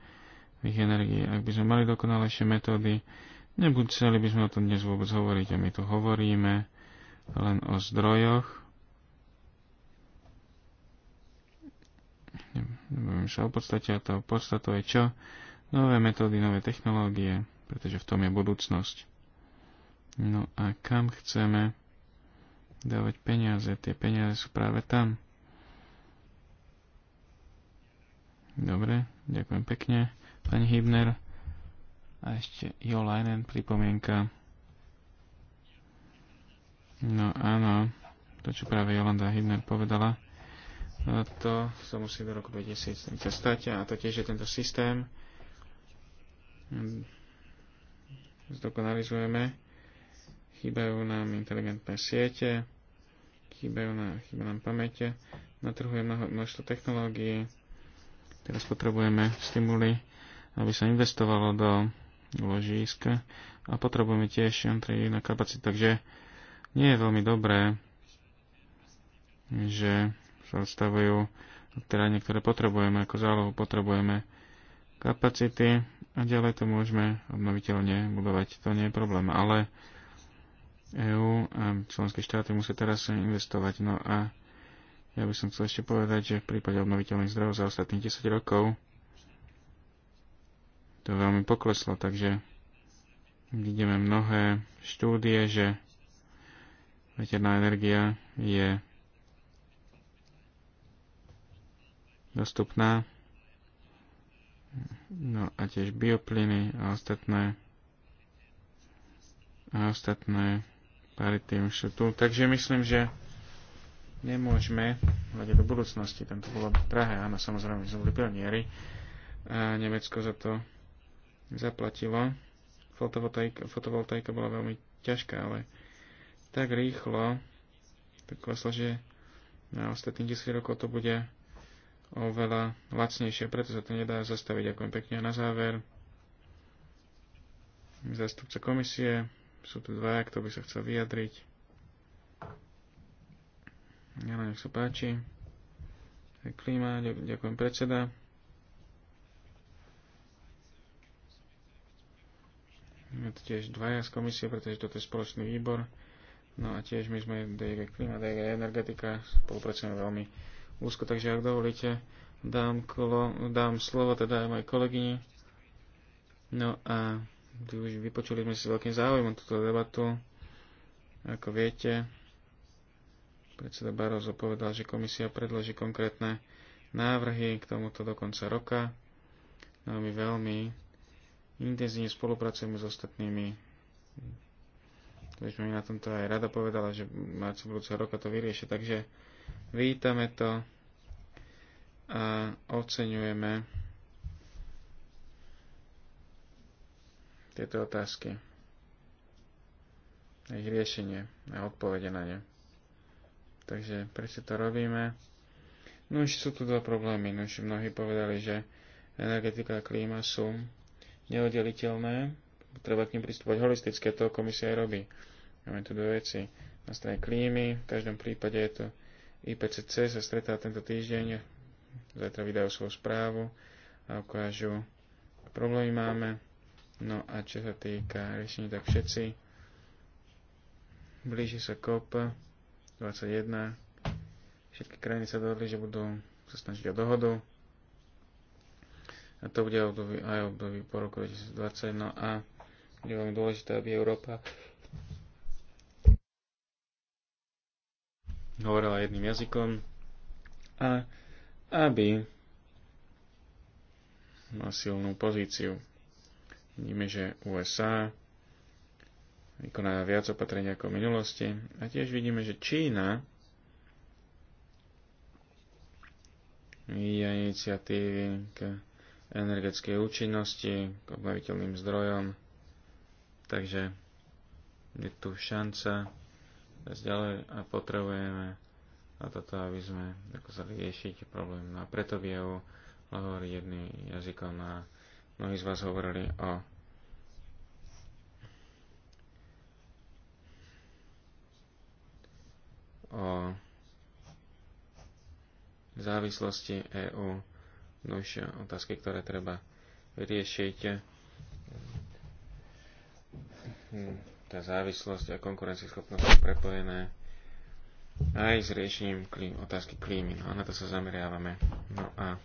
ich energií. Ak by sme mali dokonalejšie metódy, Nebudeli by sme o tom dnes vôbec hovoriť a my tu hovoríme len o zdrojoch. Nebudem sa o podstate a to podstatou je čo? Nové metódy, nové technológie, pretože v tom je budúcnosť. No a kam chceme dávať peniaze? Tie peniaze sú práve tam. Dobre, ďakujem pekne, pani Hibner. A ešte Jo Leinen pripomienka. No áno, to čo práve Jolanda Hibner povedala, no to sa musí do roku 2030 stať a to tiež je tento systém. Zdokonalizujeme. Chýbajú nám inteligentné siete, chýbajú nám, chýba nám pamäte, na trhu je mnoho, množstvo technológií, teraz potrebujeme stimuly, aby sa investovalo do ložísk a potrebujeme tiež na kapacity, takže nie je veľmi dobré, že sa odstavujú teda ktoré potrebujeme, ako zálohu potrebujeme kapacity a ďalej to môžeme obnoviteľne budovať. To nie je problém, ale EÚ a členské štáty musia teraz investovať. No a ja by som chcel ešte povedať, že v prípade obnoviteľných zdrojov za ostatných 10 rokov to veľmi pokleslo, takže vidíme mnohé štúdie, že veterná energia je dostupná. No a tiež bioplyny a ostatné a ostatné parity už sú tu. Takže myslím, že nemôžeme hľadať do budúcnosti. Tam to bolo drahé, áno, samozrejme, sme boli pionieri. A Nemecko za to zaplatilo. Fotovoltaika, fotovoltaika bola veľmi ťažká, ale tak rýchlo, tak kleslo, že na ostatných 10 rokov to bude oveľa lacnejšie, preto sa to nedá zastaviť. Ďakujem pekne. Na záver, Zastupca komisie, sú tu dva, kto by sa chcel vyjadriť. Ja nech sa páči. Klima, ďakujem predseda. je to tiež dvaja z komisie, pretože toto je spoločný výbor. No a tiež my sme DG Klima, DG Energetika, spolupracujeme veľmi úzko, takže ak dovolíte, dám, kolo, dám slovo teda aj mojej kolegyni. No a už vypočuli sme si veľkým záujmom túto debatu. Ako viete, predseda Barozo povedal, že komisia predloží konkrétne návrhy k tomuto do konca roka. No my veľmi Intenzívne spolupracujeme s ostatnými. Takže mi na tomto aj rada povedala, že máte budúceho roka to vyriešiť Takže vítame to a oceňujeme tieto otázky. A ich riešenie a odpovede na ne. Takže prečo to robíme? No už sú tu dva problémy. No už mnohí povedali, že energetika a klíma sú neoddeliteľné, treba k nim pristúpať holistické, to komisia aj robí. Máme tu dve veci. Na strane klímy, v každom prípade je to IPCC, sa stretá tento týždeň, zajtra vydajú svoju správu a ukážu, problémy máme. No a čo sa týka riešení, tak všetci blíži sa COP 21. Všetky krajiny sa dohodli, že budú sa snažiť o dohodu a to bude období, aj období po roku 2021 no a je veľmi dôležité, aby Európa hovorila jedným jazykom a aby má silnú pozíciu. Vidíme, že USA vykonáva viac opatrenia ako v minulosti a tiež vidíme, že Čína vidia iniciatívy k energetickej účinnosti, k obnoviteľným zdrojom. Takže je tu šanca ďalej a potrebujeme na toto, aby sme dokázali riešiť problém. No a preto by EU hovorí jedným jazykom a mnohí z vás hovorili o o závislosti EÚ Nož otázky, ktoré treba riešiť, hm, tá závislosť a konkurencieschopnosť sú prepojené aj s riešením klím, otázky klímy. No a na to sa zameriavame. No a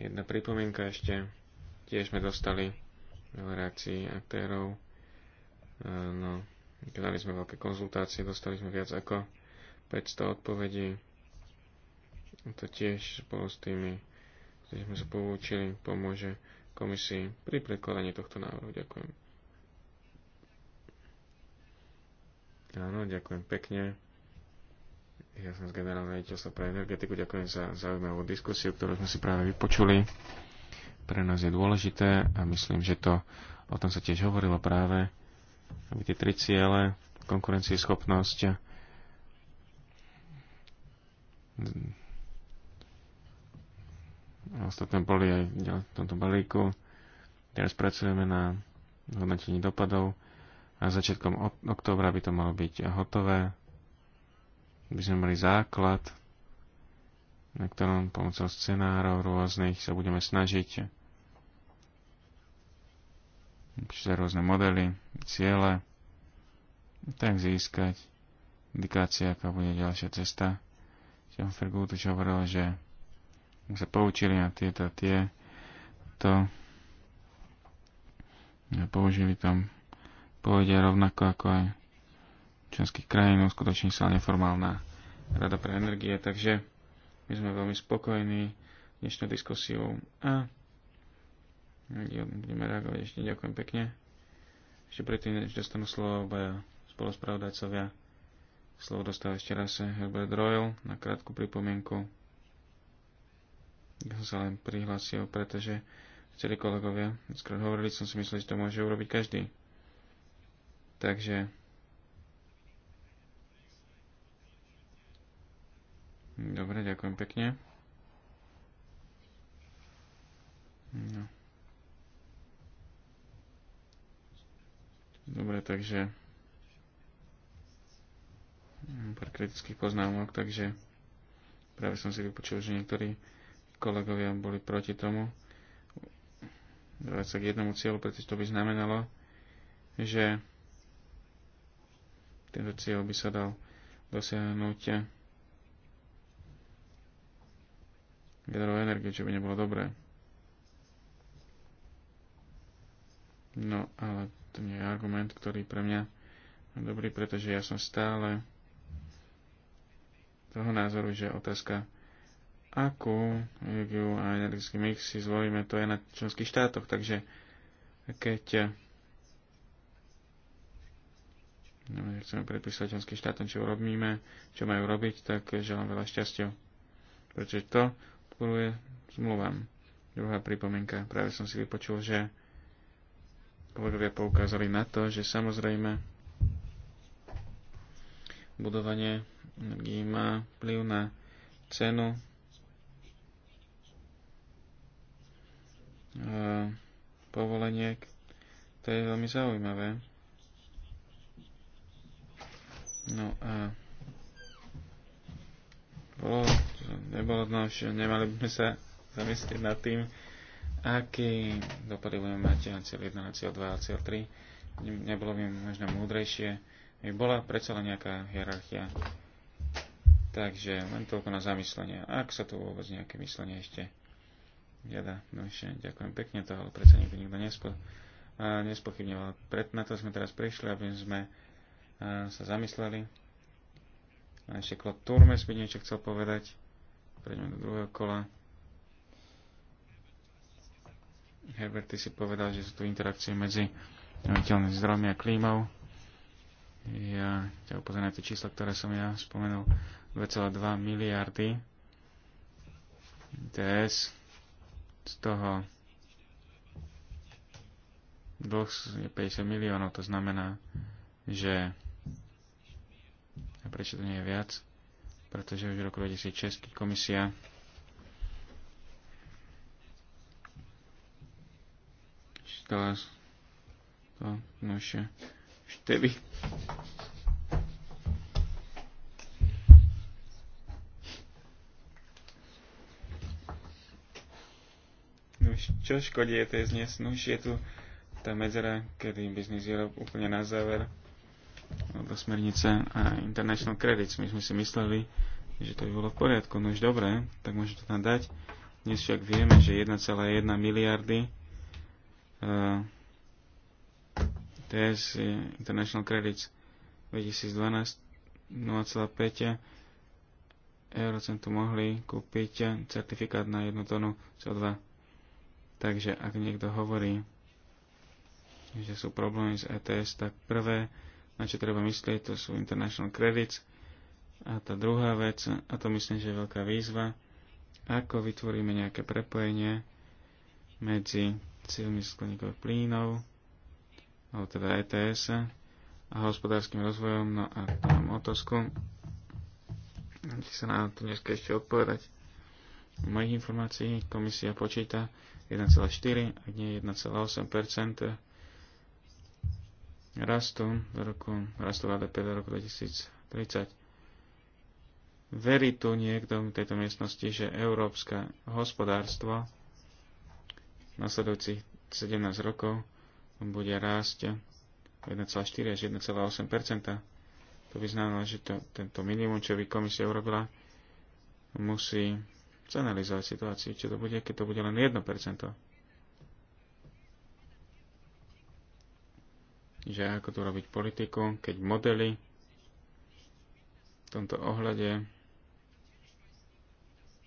jedna pripomienka ešte. Tiež sme dostali reakcií aktérov. No, Dali sme veľké konzultácie, dostali sme viac ako 500 odpovedí. To tiež spolu s tými, ktorí sme sa poučili, pomôže komisii pri prekladaní tohto návrhu. Ďakujem. Áno, ďakujem pekne. Ja som z generálneho riaditeľstva pre energetiku. Ďakujem za zaujímavú diskusiu, ktorú sme si práve vypočuli. Pre nás je dôležité a myslím, že to o tom sa tiež hovorilo práve, aby tie tri ciele, konkurencieschopnosť, ostatné boli aj v tomto balíku. Teraz pracujeme na hodnotení dopadov a začiatkom októbra by to malo byť hotové. By sme mali základ, na ktorom pomocou scenárov rôznych sa budeme snažiť čiže rôzne modely, ciele, tak získať indikácia, aká bude ďalšia cesta. John čo hovoril, že sa poučili a tieto, tie to použili tam povedia rovnako ako aj členských krajín, skutočne sa neformálna rada pre energie, takže my sme veľmi spokojní dnešnou diskusiu a budeme reagovať ešte. Ďakujem pekne. Ešte predtým, než dostanú slovo obaja spoluspravodajcovia, slovo dostáva ešte raz Herbert Royal na krátku pripomienku som sa len prihlásil, pretože chceli kolegovia, skôr hovorili som si myslel, že to môže urobiť každý. Takže Dobre, ďakujem pekne. No. Dobre, takže pár kritických poznámok, takže práve som si vypočul, že niektorí kolegovia boli proti tomu Vrať sa k jednomu cieľu, pretože to by znamenalo, že tento cieľ by sa dal dosiahnuť jadrovú energiu, čo by nebolo dobré. No, ale to nie je argument, ktorý pre mňa je dobrý, pretože ja som stále toho názoru, že otázka akú energiu a energetický mix si zvolíme, to je na členských štátoch. Takže keď no, chceme predpísať členským štátom, čo urobíme, čo majú robiť, tak želám veľa šťastia. Pretože to odporuje zmluvám. Druhá pripomienka. Práve som si vypočul, že kolegovia poukázali na to, že samozrejme budovanie energii má vplyv na cenu povoleniek. To je veľmi zaujímavé. No a bolo, nebolo dno, že nemali by sme sa zamyslieť nad tým, aký dopady budeme mať na cieľ 1, na cieľ 2 a cieľ 3. Nebolo by možno múdrejšie. By bola predsa len nejaká hierarchia. Takže len toľko na zamyslenie, ak sa tu vôbec nejaké myslenie ešte Jada, no ešte ďakujem pekne, to ale predsa nikto nikto nespo, nespochybňoval. Pred, na to sme teraz prišli, aby sme a, sa zamysleli. A ešte Klop Turmes by niečo chcel povedať. Prejdeme do druhého kola. Herbert, ty si povedal, že sú tu interakcie medzi obnoviteľnými zdrojmi a klímou. Ja ťa upozorňujem na tie čísla, ktoré som ja spomenul. 2,2 miliardy TS z toho dlh je 50 miliónov, to znamená, že a prečo to nie je viac? Pretože už v roku 2006, komisia čítala to, no ešte čo škodí tej znes. No už je tu tá medzera, kedy Business je úplne na záver do smernice a International Credits. My sme si mysleli, že to by bolo v poriadku. No už dobre, tak môže to tam dať. Dnes však vieme, že 1,1 miliardy uh, eh, TS International Credits 2012 0,5 eurocentu mohli kúpiť certifikát na jednu tonu CO2 Takže ak niekto hovorí, že sú problémy s ETS, tak prvé, na čo treba myslieť, to sú international credits. A tá druhá vec, a to myslím, že je veľká výzva, ako vytvoríme nejaké prepojenie medzi cieľmi skleníkových plínov, alebo teda ETS a hospodárskym rozvojom, no a tam otázku, či sa nám to dneska ešte odpovedať. mojich informácií komisia počíta 1,4, ak nie 1,8 rastu v roku, rastu HDP do roku 2030. Verí tu niekto v tejto miestnosti, že európske hospodárstvo v nasledujúcich 17 rokov bude rásť 1,4 až 1,8 To by znamenalo, že to, tento minimum, čo by komisia urobila, musí zanalizovať situáciu, čo to bude, keď to bude len 1%. Že ako tu robiť politiku, keď modely v tomto ohľade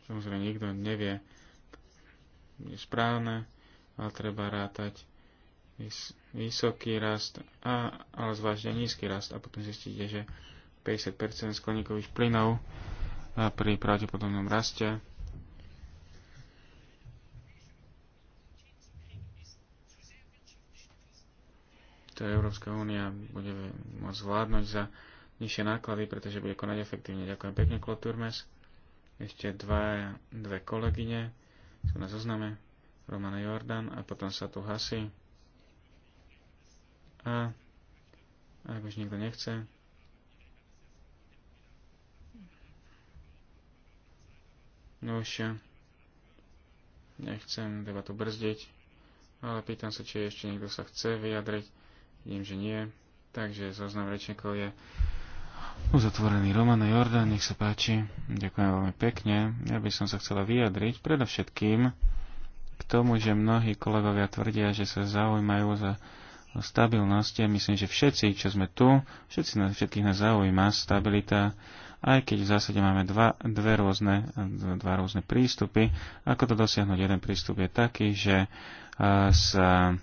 samozrejme nikto nevie, je správne, ale treba rátať vysoký rast, a, ale zvlášť nízky rast a potom zistíte, že 50% skleníkových plynov pri pravdepodobnom raste to Európska únia bude môcť zvládnuť za nižšie náklady, pretože bude konať efektívne. Ďakujem pekne, Kloturmes. Turmes. Ešte dva, dve kolegyne sú na zozname. Romana Jordan a potom sa tu hasi. A ak už nikto nechce, No už nechcem debatu brzdiť, ale pýtam sa, či ešte niekto sa chce vyjadriť Vidím, že nie. Takže zoznam rečníkov je uzatvorený Roman Jordan, nech sa páči. Ďakujem veľmi pekne. Ja by som sa chcela vyjadriť predovšetkým k tomu, že mnohí kolegovia tvrdia, že sa zaujímajú za stabilnosť. Ja myslím, že všetci, čo sme tu, všetci na, všetkých nás zaujíma stabilita, aj keď v zásade máme dva, dve rôzne, dva rôzne prístupy. Ako to dosiahnuť? Jeden prístup je taký, že eh, sa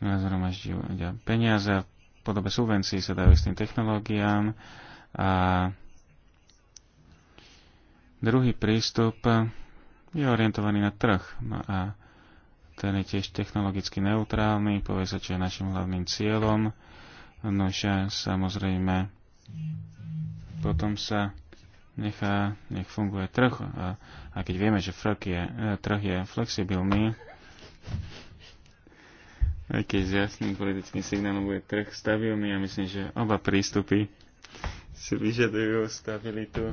zhromaždia peniaze v podobe subvencií sa dajú istým technológiám a druhý prístup je orientovaný na trh no a ten je tiež technologicky neutrálny, povie sa, čo je našim hlavným cieľom. No Nože samozrejme potom sa nechá, nech funguje trh a, a keď vieme, že je, eh, trh je flexibilný, aj keď s jasným politickým signálom bude trh stabilný ja myslím, že oba prístupy si vyžadujú stabilitu.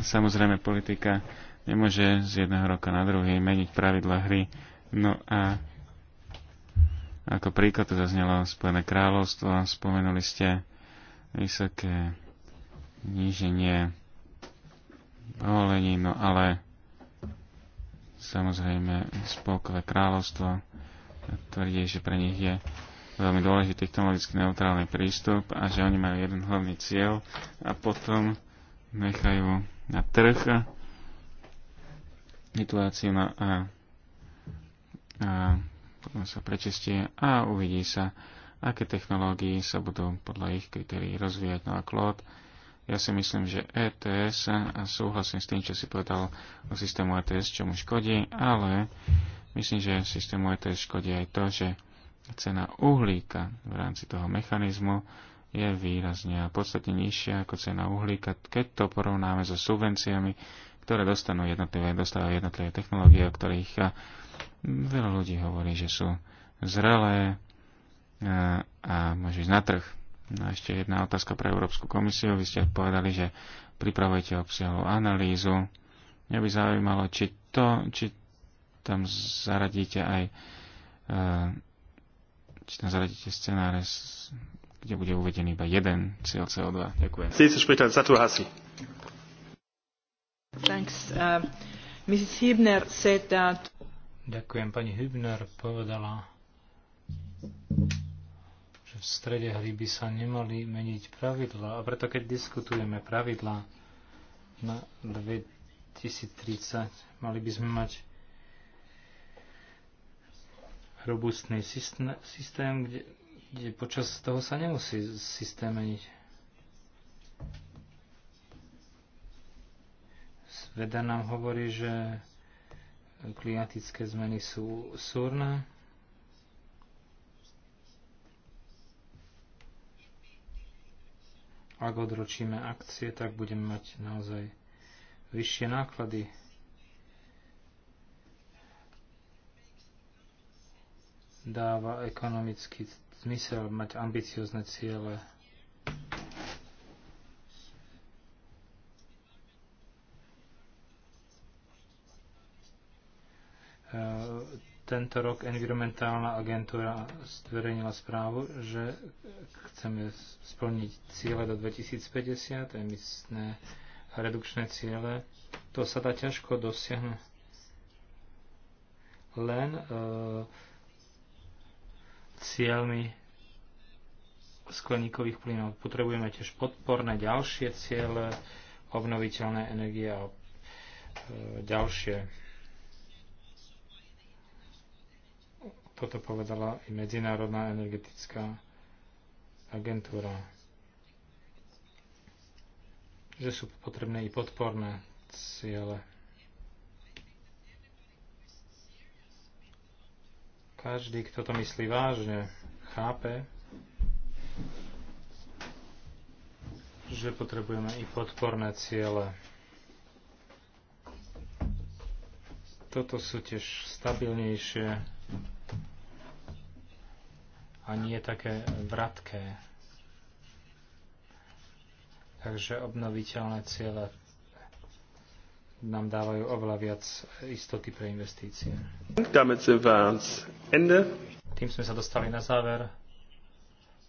samozrejme, politika nemôže z jedného roka na druhý meniť pravidla hry. No a ako príklad to zaznelo Spojené kráľovstvo, spomenuli ste vysoké níženie dovolení, no ale samozrejme Spolkové kráľovstvo tvrdí, že pre nich je veľmi dôležitý technologicky neutrálny prístup a že oni majú jeden hlavný cieľ a potom nechajú na trh situáciu na, no a, a potom sa prečistie a uvidí sa, aké technológie sa budú podľa ich kritérií rozvíjať. Na no klód. ja si myslím, že ETS, a súhlasím s tým, čo si povedal o systému ETS, čo mu škodí, ale Myslím, že systému ETS škodí aj to, že cena uhlíka v rámci toho mechanizmu je výrazne a podstatne nižšia ako cena uhlíka, keď to porovnáme so subvenciami, ktoré dostanú jednotlivé, dostávajú jednotlivé technológie, o ktorých veľa ľudí hovorí, že sú zrelé a, a môžu ísť na trh. No a ešte jedna otázka pre Európsku komisiu. Vy ste povedali, že pripravujete obsiahlu analýzu. Mňa by zaujímalo, či to, či tam zaradíte aj e, či tam zaradíte scenáre, kde bude uvedený iba jeden cieľ CO2. Ďakujem. Thanks. Uh, Mrs. Hübner said that... Ďakujem. Pani Hübner povedala, že v strede hry by sa nemali meniť pravidla. A preto, keď diskutujeme pravidla na 2030, mali by sme mať robustný systém, kde, kde počas toho sa nemusí systém meniť. Veda nám hovorí, že klimatické zmeny sú súrne. Ak odročíme akcie, tak budeme mať naozaj vyššie náklady dáva ekonomický zmysel mať ambiciozne ciele. E, tento rok environmentálna agentúra stverejnila správu, že chceme splniť ciele do 2050, emisné redukčné ciele. To sa dá ťažko dosiahnuť len uh, cieľmi skleníkových plynov. Potrebujeme tiež podporné ďalšie ciele, obnoviteľné energie a e, ďalšie. Toto povedala i Medzinárodná energetická agentúra, že sú potrebné i podporné ciele. Každý, kto to myslí vážne, chápe, že potrebujeme i podporné ciele. Toto sú tiež stabilnejšie a nie také vratké. Takže obnoviteľné ciele nám dávajú oveľa viac istoty pre investície. Tým sme sa dostali na záver.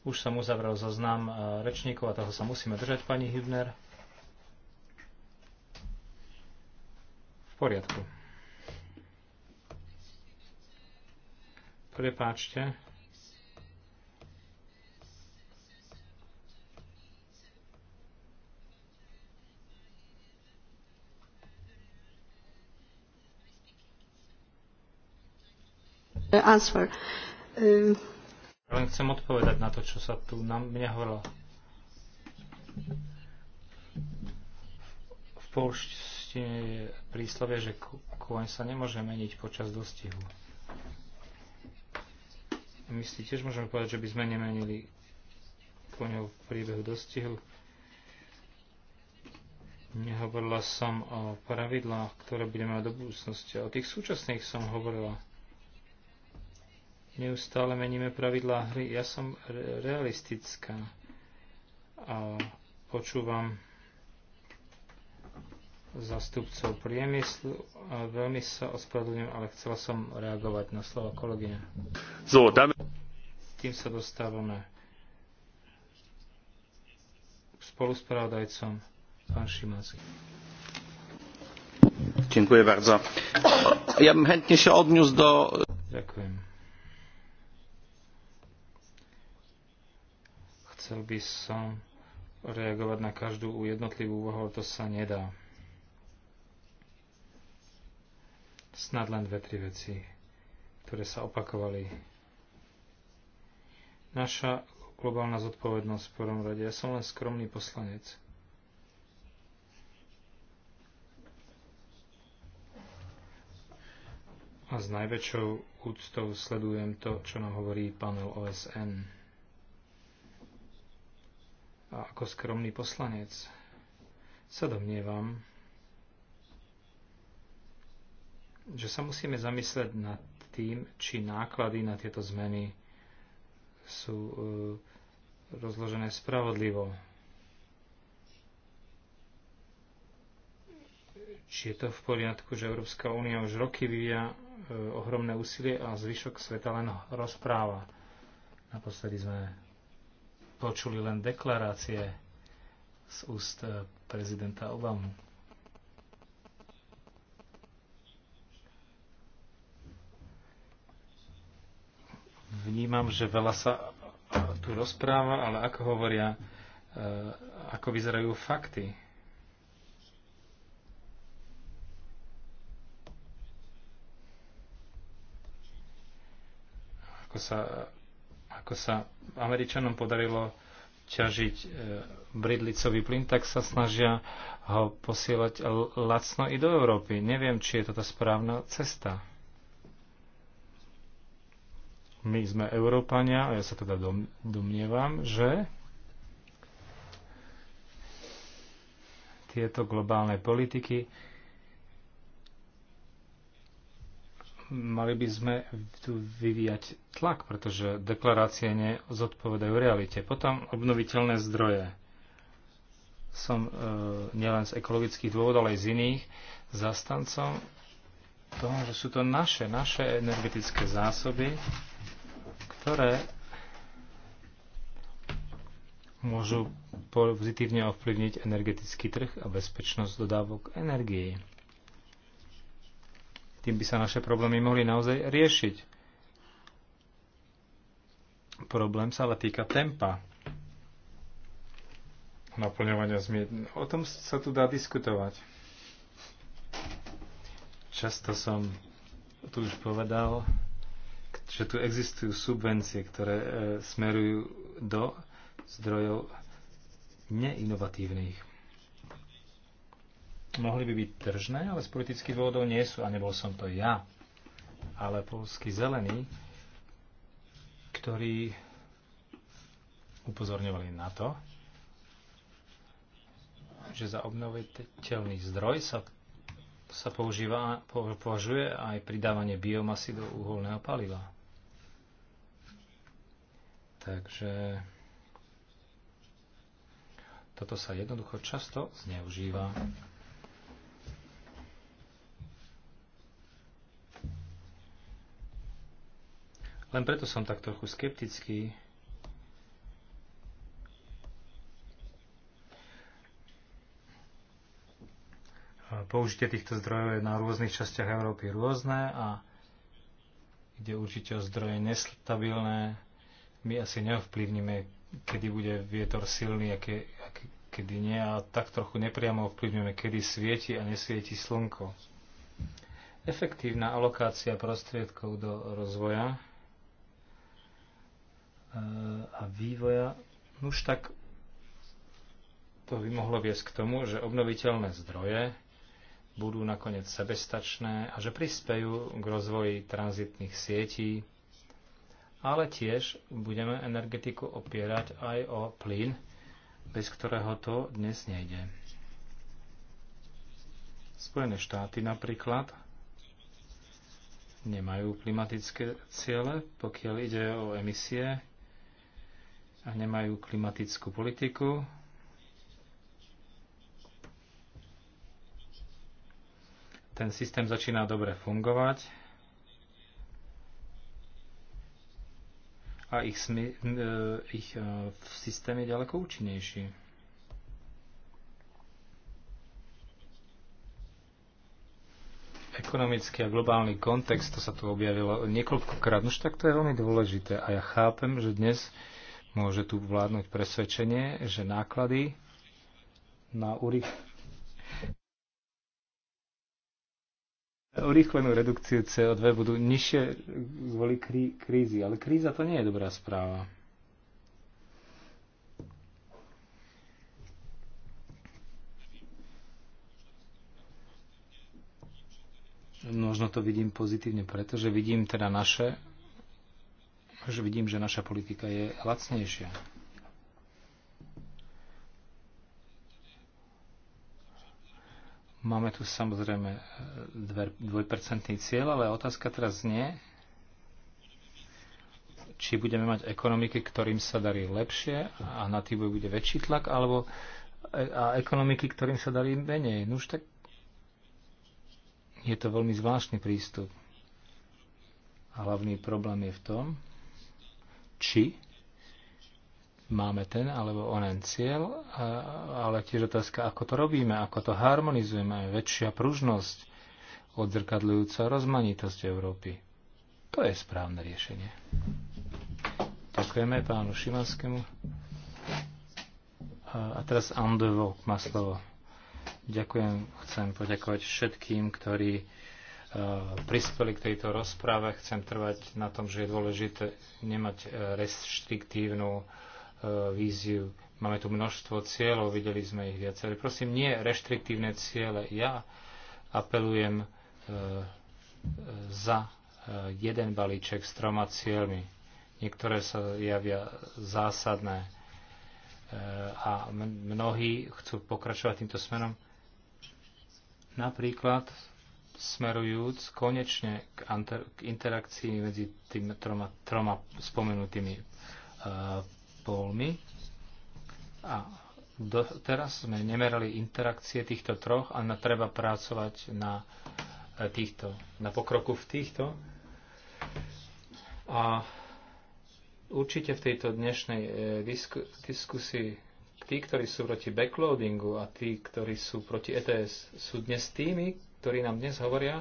Už som uzavrel zoznam eh, rečníkov a toho sa musíme držať, pani Hübner. V poriadku. Prepáčte. Uh, answer. Uh... Len chcem odpovedať na to, čo sa tu na mňa hovorilo. V polštine je príslovie, že koň sa nemôže meniť počas dostihu. My si tiež môžeme povedať, že by sme nemenili koňov v priebehu dostihu. Nehovorila som o pravidlách, ktoré budeme mať do budúcnosti. O tých súčasných som hovorila neustále meníme pravidlá hry. Ja som re- realistická a počúvam zastupcov priemyslu. A veľmi sa ospravedlňujem, ale chcela som reagovať na slovo kolegyne. So, dáme... S tým sa dostávame spoluspravodajcom, pán Šimacy. Dziękuję bardzo. Ja bym chętnie się odniósł do... Ďakujem. Chcel by som reagovať na každú jednotlivú úvahu, to sa nedá. Snad len dve, tri veci, ktoré sa opakovali. Naša globálna zodpovednosť v prvom rade. Ja som len skromný poslanec. A s najväčšou úctou sledujem to, čo nám hovorí panel OSN a ako skromný poslanec sa domnievam, že sa musíme zamyslieť nad tým, či náklady na tieto zmeny sú e, rozložené spravodlivo. Či je to v poriadku, že Európska únia už roky vyvíja e, ohromné úsilie a zvyšok sveta len rozpráva. Naposledy sme počuli len deklarácie z úst eh, prezidenta Obamu. Vnímam, že veľa sa tu rozpráva, ale ako hovoria, eh, ako vyzerajú fakty. Ako sa ako sa Američanom podarilo ťažiť e, bridlicový plyn, tak sa snažia ho posielať lacno i do Európy. Neviem, či je toto správna cesta. My sme Európania a ja sa teda domnievam, že tieto globálne politiky mali by sme tu vyvíjať tlak, pretože deklarácie nezodpovedajú realite. Potom obnoviteľné zdroje. Som e, nielen z ekologických dôvodov, ale aj z iných zastancom toho, že sú to naše, naše energetické zásoby, ktoré môžu pozitívne ovplyvniť energetický trh a bezpečnosť dodávok energii. Tým by sa naše problémy mohli naozaj riešiť. Problém sa ale týka tempa naplňovania zmien. O tom sa tu dá diskutovať. Často som tu už povedal, že tu existujú subvencie, ktoré e, smerujú do zdrojov neinovatívnych mohli by byť tržné, ale z politických dôvodov nie sú a nebol som to ja. Ale polský zelený, ktorí upozorňovali na to, že za obnoviteľný zdroj sa, sa používa, považuje aj pridávanie biomasy do uholného paliva. Takže toto sa jednoducho často zneužíva. Len preto som tak trochu skeptický. Použitie týchto zdrojov je na rôznych častiach Európy rôzne a ide určite o zdroje nestabilné. My asi neovplyvníme, kedy bude vietor silný a, ke, a kedy nie a tak trochu nepriamo ovplyvňujeme, kedy svieti a nesvieti slnko. Efektívna alokácia prostriedkov do rozvoja a vývoja, no už tak to by mohlo viesť k tomu, že obnoviteľné zdroje budú nakoniec sebestačné a že prispejú k rozvoji tranzitných sietí, ale tiež budeme energetiku opierať aj o plyn, bez ktorého to dnes nejde. Spojené štáty napríklad nemajú klimatické ciele, pokiaľ ide o emisie a nemajú klimatickú politiku. Ten systém začína dobre fungovať a ich, smy, e, ich e, systém je ďaleko účinnejší. Ekonomický a globálny kontext, to sa tu objavilo niekoľkokrát, no už tak to je veľmi dôležité a ja chápem, že dnes Môže tu vládnuť presvedčenie, že náklady na urychlenú redukciu CO2 budú nižšie kvôli krí- krízi. Ale kríza to nie je dobrá správa. Možno to vidím pozitívne, pretože vidím teda naše že vidím, že naša politika je lacnejšia. Máme tu samozrejme e, dvojpercentný cieľ, ale otázka teraz nie, či budeme mať ekonomiky, ktorým sa darí lepšie a na tým bude väčší tlak, alebo e, a ekonomiky, ktorým sa darí menej. No už tak je to veľmi zvláštny prístup. A hlavný problém je v tom, či máme ten alebo onen cieľ, ale tiež otázka, ako to robíme, ako to harmonizujeme, väčšia pružnosť, odzrkadľujúca rozmanitosť Európy. To je správne riešenie. Ďakujeme pánu Šimanskému. A teraz Andevo má slovo. Ďakujem, chcem poďakovať všetkým, ktorí Eh, prispeli k tejto rozprave. Chcem trvať na tom, že je dôležité nemať eh, reštriktívnu eh, víziu. Máme tu množstvo cieľov, videli sme ich viaceré. Prosím, nie reštriktívne ciele. Ja apelujem za jeden balíček s troma cieľmi. Niektoré sa javia zásadné a mnohí chcú pokračovať týmto smerom. Napríklad smerujúc konečne k, interakcii medzi tými troma, troma spomenutými uh, e, polmi. A do, teraz sme nemerali interakcie týchto troch a na, treba pracovať na, e, týchto, na pokroku v týchto. A určite v tejto dnešnej e, disku, diskusii tí, ktorí sú proti backloadingu a tí, ktorí sú proti ETS, sú dnes tými, ktorí nám dnes hovoria,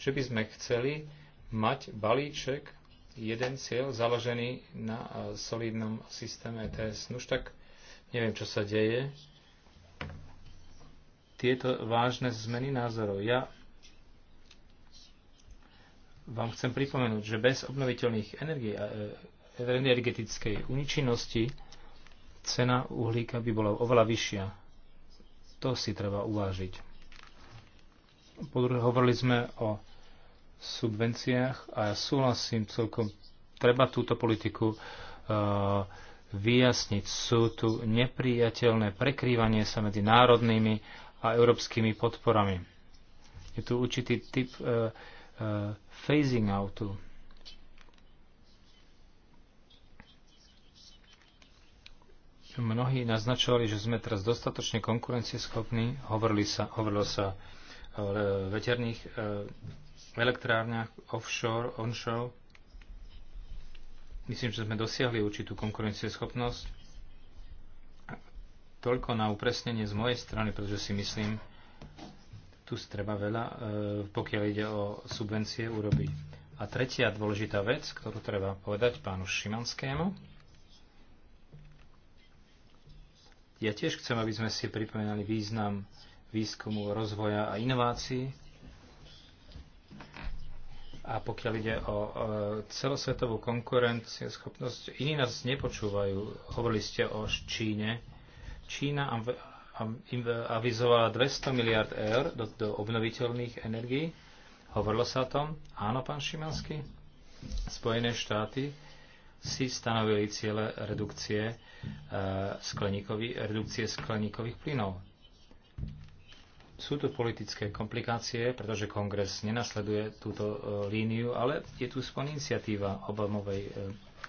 že by sme chceli mať balíček, jeden cieľ založený na e, solidnom systéme ETS. Nuž tak neviem, čo sa deje. Tieto vážne zmeny názorov. Ja vám chcem pripomenúť, že bez obnoviteľných energií a e, e, energetickej účinnosti cena uhlíka by bola oveľa vyššia. To si treba uvážiť. Hovorili sme o subvenciách a ja súhlasím celkom, treba túto politiku uh, vyjasniť. Sú tu nepriateľné prekrývanie sa medzi národnými a európskymi podporami. Je tu určitý typ uh, uh, phasing outu. Mnohí naznačovali, že sme teraz dostatočne konkurencieschopní. Hovorilo sa, hovorilo sa Eh, veterných eh, elektrárniach offshore, onshore. Myslím, že sme dosiahli určitú konkurencieschopnosť. Toľko na upresnenie z mojej strany, pretože si myslím, tu treba veľa, eh, pokiaľ ide o subvencie, urobiť. A tretia dôležitá vec, ktorú treba povedať pánu Šimanskému, ja tiež chcem, aby sme si pripomenali význam výskumu, rozvoja a inovácií. A pokiaľ ide o celosvetovú konkurenciu, schopnosť, iní nás nepočúvajú. Hovorili ste o Číne. Čína avizovala 200 miliard eur do, do obnoviteľných energií. Hovorilo sa o tom? Áno, pán Šimanský. Spojené štáty si stanovili ciele redukcie, e, skleníkovi, redukcie skleníkových plynov. Sú tu politické komplikácie, pretože kongres nenasleduje túto e, líniu, ale je tu spon iniciatíva Obamovej e,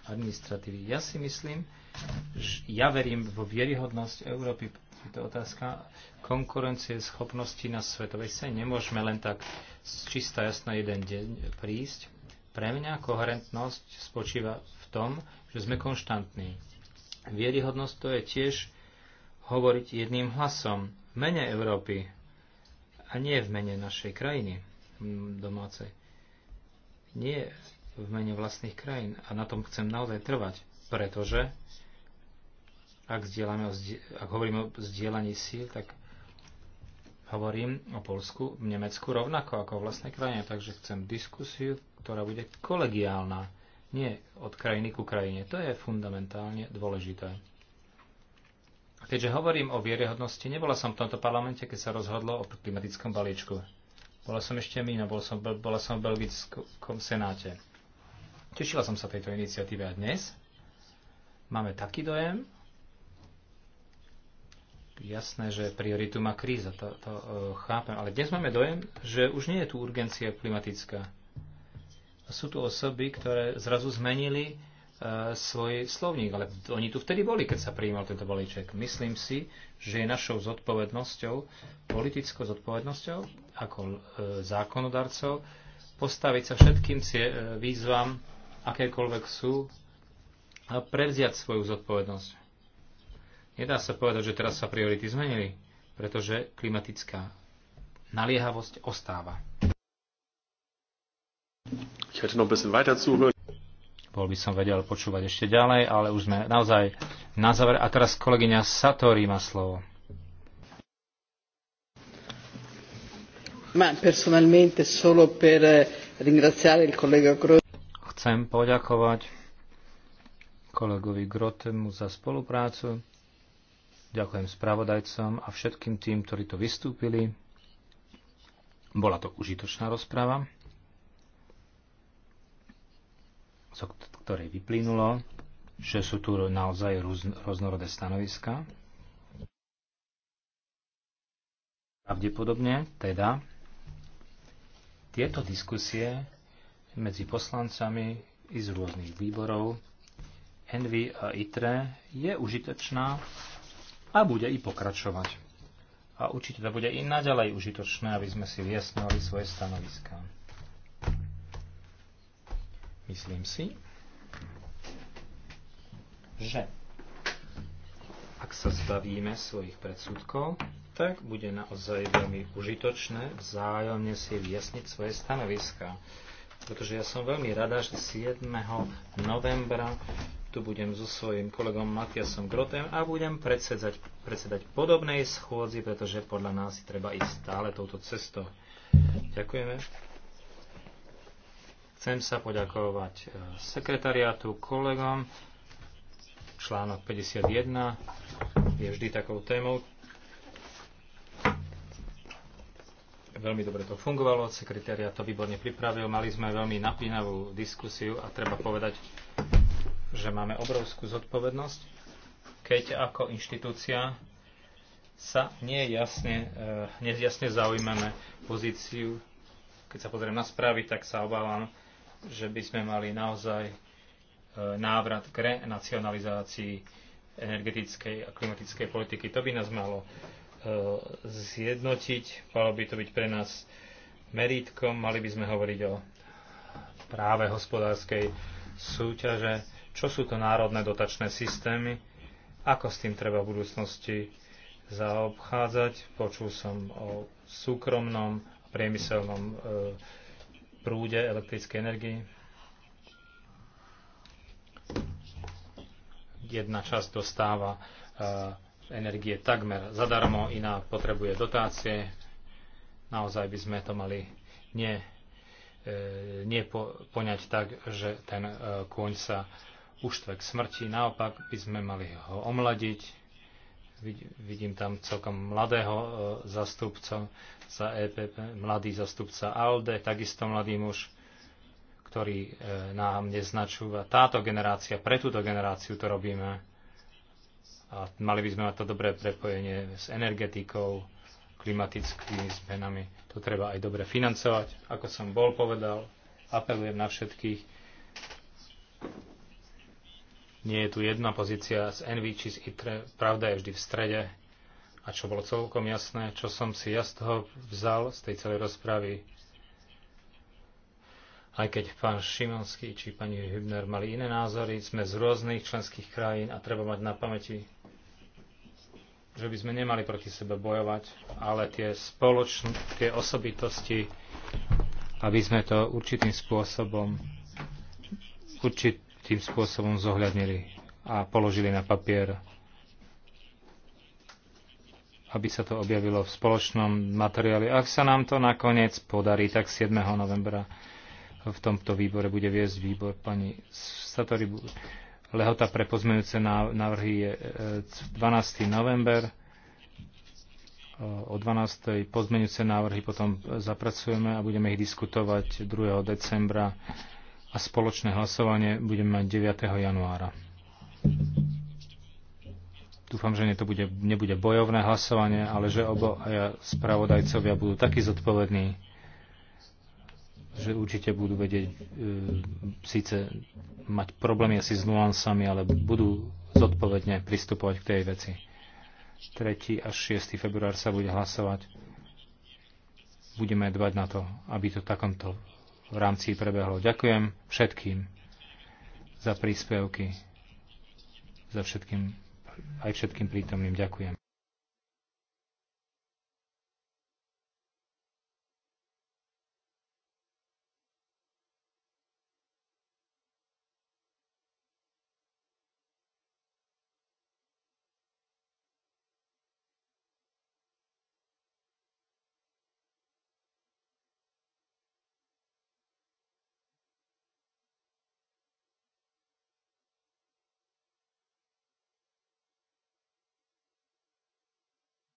administratívy. Ja si myslím, že ja verím vo vieryhodnosť Európy. Je to otázka konkurencie schopnosti na svetovej scéne. Nemôžeme len tak čistá jasná jeden deň prísť. Pre mňa koherentnosť spočíva v tom, že sme konštantní. Vieryhodnosť to je tiež hovoriť jedným hlasom, mene Európy, a nie v mene našej krajiny domácej. Nie v mene vlastných krajín. A na tom chcem naozaj trvať, pretože ak, o, ak hovorím o zdieľaní síl, tak hovorím o Polsku, v Nemecku rovnako ako o vlastnej krajine. Takže chcem diskusiu, ktorá bude kolegiálna, nie od krajiny ku krajine. To je fundamentálne dôležité. Keďže hovorím o vierehodnosti, nebola som v tomto parlamente, keď sa rozhodlo o klimatickom balíčku. Bola som ešte mimo, no bola som, bola som v belgickom senáte. Tešila som sa tejto iniciatíve a dnes máme taký dojem, jasné, že prioritu má kríza, to, to uh, chápem, ale dnes máme dojem, že už nie je tu urgencia klimatická. Sú tu osoby, ktoré zrazu zmenili E, svoj slovník, ale oni tu vtedy boli, keď sa prijímal tento balíček. Myslím si, že je našou zodpovednosťou, politickou zodpovednosťou ako e, zákonodarcov, postaviť sa všetkým cie, e, výzvam, akékoľvek sú, a prevziať svoju zodpovednosť. Nedá sa povedať, že teraz sa priority zmenili, pretože klimatická naliehavosť ostáva. Ich hätte noch ein bisschen weiter zuhören. Bol by som vedel počúvať ešte ďalej, ale už sme naozaj na záver. A teraz kolegyňa Satori má slovo. Ma personalmente solo per ringraziare il collega Grote. Chcem poďakovať kolegovi Grotemu za spoluprácu. Ďakujem spravodajcom a všetkým tým, ktorí to vystúpili. Bola to užitočná rozpráva. z ktorej vyplynulo, že sú tu naozaj rôznorodé stanoviska. Pravdepodobne teda tieto diskusie medzi poslancami i z rôznych výborov Envy a ITRE je užitočná a bude i pokračovať. A určite to bude i naďalej užitočné, aby sme si vyjasnili svoje stanoviská. Myslím si, že ak sa zbavíme svojich predsudkov, tak bude naozaj veľmi užitočné vzájomne si vyjasniť svoje stanoviska. Pretože ja som veľmi rada, že 7. novembra tu budem so svojím kolegom Matiasom Grotem a budem predsedať, predsedať podobnej schôdzi, pretože podľa nás si treba ísť stále touto cestou. Ďakujeme. Chcem sa poďakovať e, sekretariátu, kolegom. Článok 51 je vždy takou témou. Veľmi dobre to fungovalo, sekretariát to výborne pripravil, mali sme veľmi napínavú diskusiu a treba povedať, že máme obrovskú zodpovednosť, keď ako inštitúcia sa nejasne, e, nejasne zaujímame pozíciu. Keď sa pozriem na správy, tak sa obávam, že by sme mali naozaj e, návrat k renacionalizácii energetickej a klimatickej politiky. To by nás malo e, zjednotiť, malo by to byť pre nás merítkom, mali by sme hovoriť o práve hospodárskej súťaže, čo sú to národné dotačné systémy, ako s tým treba v budúcnosti zaobchádzať. Počul som o súkromnom priemyselnom e, prúde elektrickej energii. Jedna časť dostáva eh, energie takmer zadarmo, iná potrebuje dotácie. Naozaj by sme to mali nie, eh, nie po, poňať tak, že ten eh, kôň sa uštve k smrti. Naopak by sme mali ho omladiť, Vidím tam celkom mladého e, zastupca za EPP, mladý zastupca ALDE, takisto mladý muž, ktorý e, nám neznačúva. Táto generácia, pre túto generáciu to robíme. A mali by sme mať to dobré prepojenie s energetikou, klimatickými zmenami. To treba aj dobre financovať. Ako som bol povedal, apelujem na všetkých, nie je tu jedna pozícia z NV či z ITRE, pravda je vždy v strede. A čo bolo celkom jasné, čo som si ja z toho vzal, z tej celej rozpravy, aj keď pán Šimonský či pani Hübner mali iné názory, sme z rôznych členských krajín a treba mať na pamäti, že by sme nemali proti sebe bojovať, ale tie spoločné, tie osobitosti, aby sme to určitým spôsobom, určitým tým spôsobom zohľadnili a položili na papier, aby sa to objavilo v spoločnom materiáli. Ak sa nám to nakoniec podarí, tak 7. novembra v tomto výbore bude viesť výbor pani Satori. Lehota pre pozmenujúce návrhy je 12. E, november o 12. pozmenujúce návrhy potom zapracujeme a budeme ich diskutovať 2. decembra a spoločné hlasovanie budeme mať 9. januára. Dúfam, že to bude, nebude bojovné hlasovanie, ale že obaja spravodajcovia budú takí zodpovední, že určite budú vedieť e, síce mať problémy asi s nuansami, ale budú zodpovedne pristupovať k tej veci. 3. až 6. február sa bude hlasovať. Budeme dbať na to, aby to v takomto v rámci prebehlo. Ďakujem všetkým za príspevky, za všetkým, aj všetkým prítomným. Ďakujem.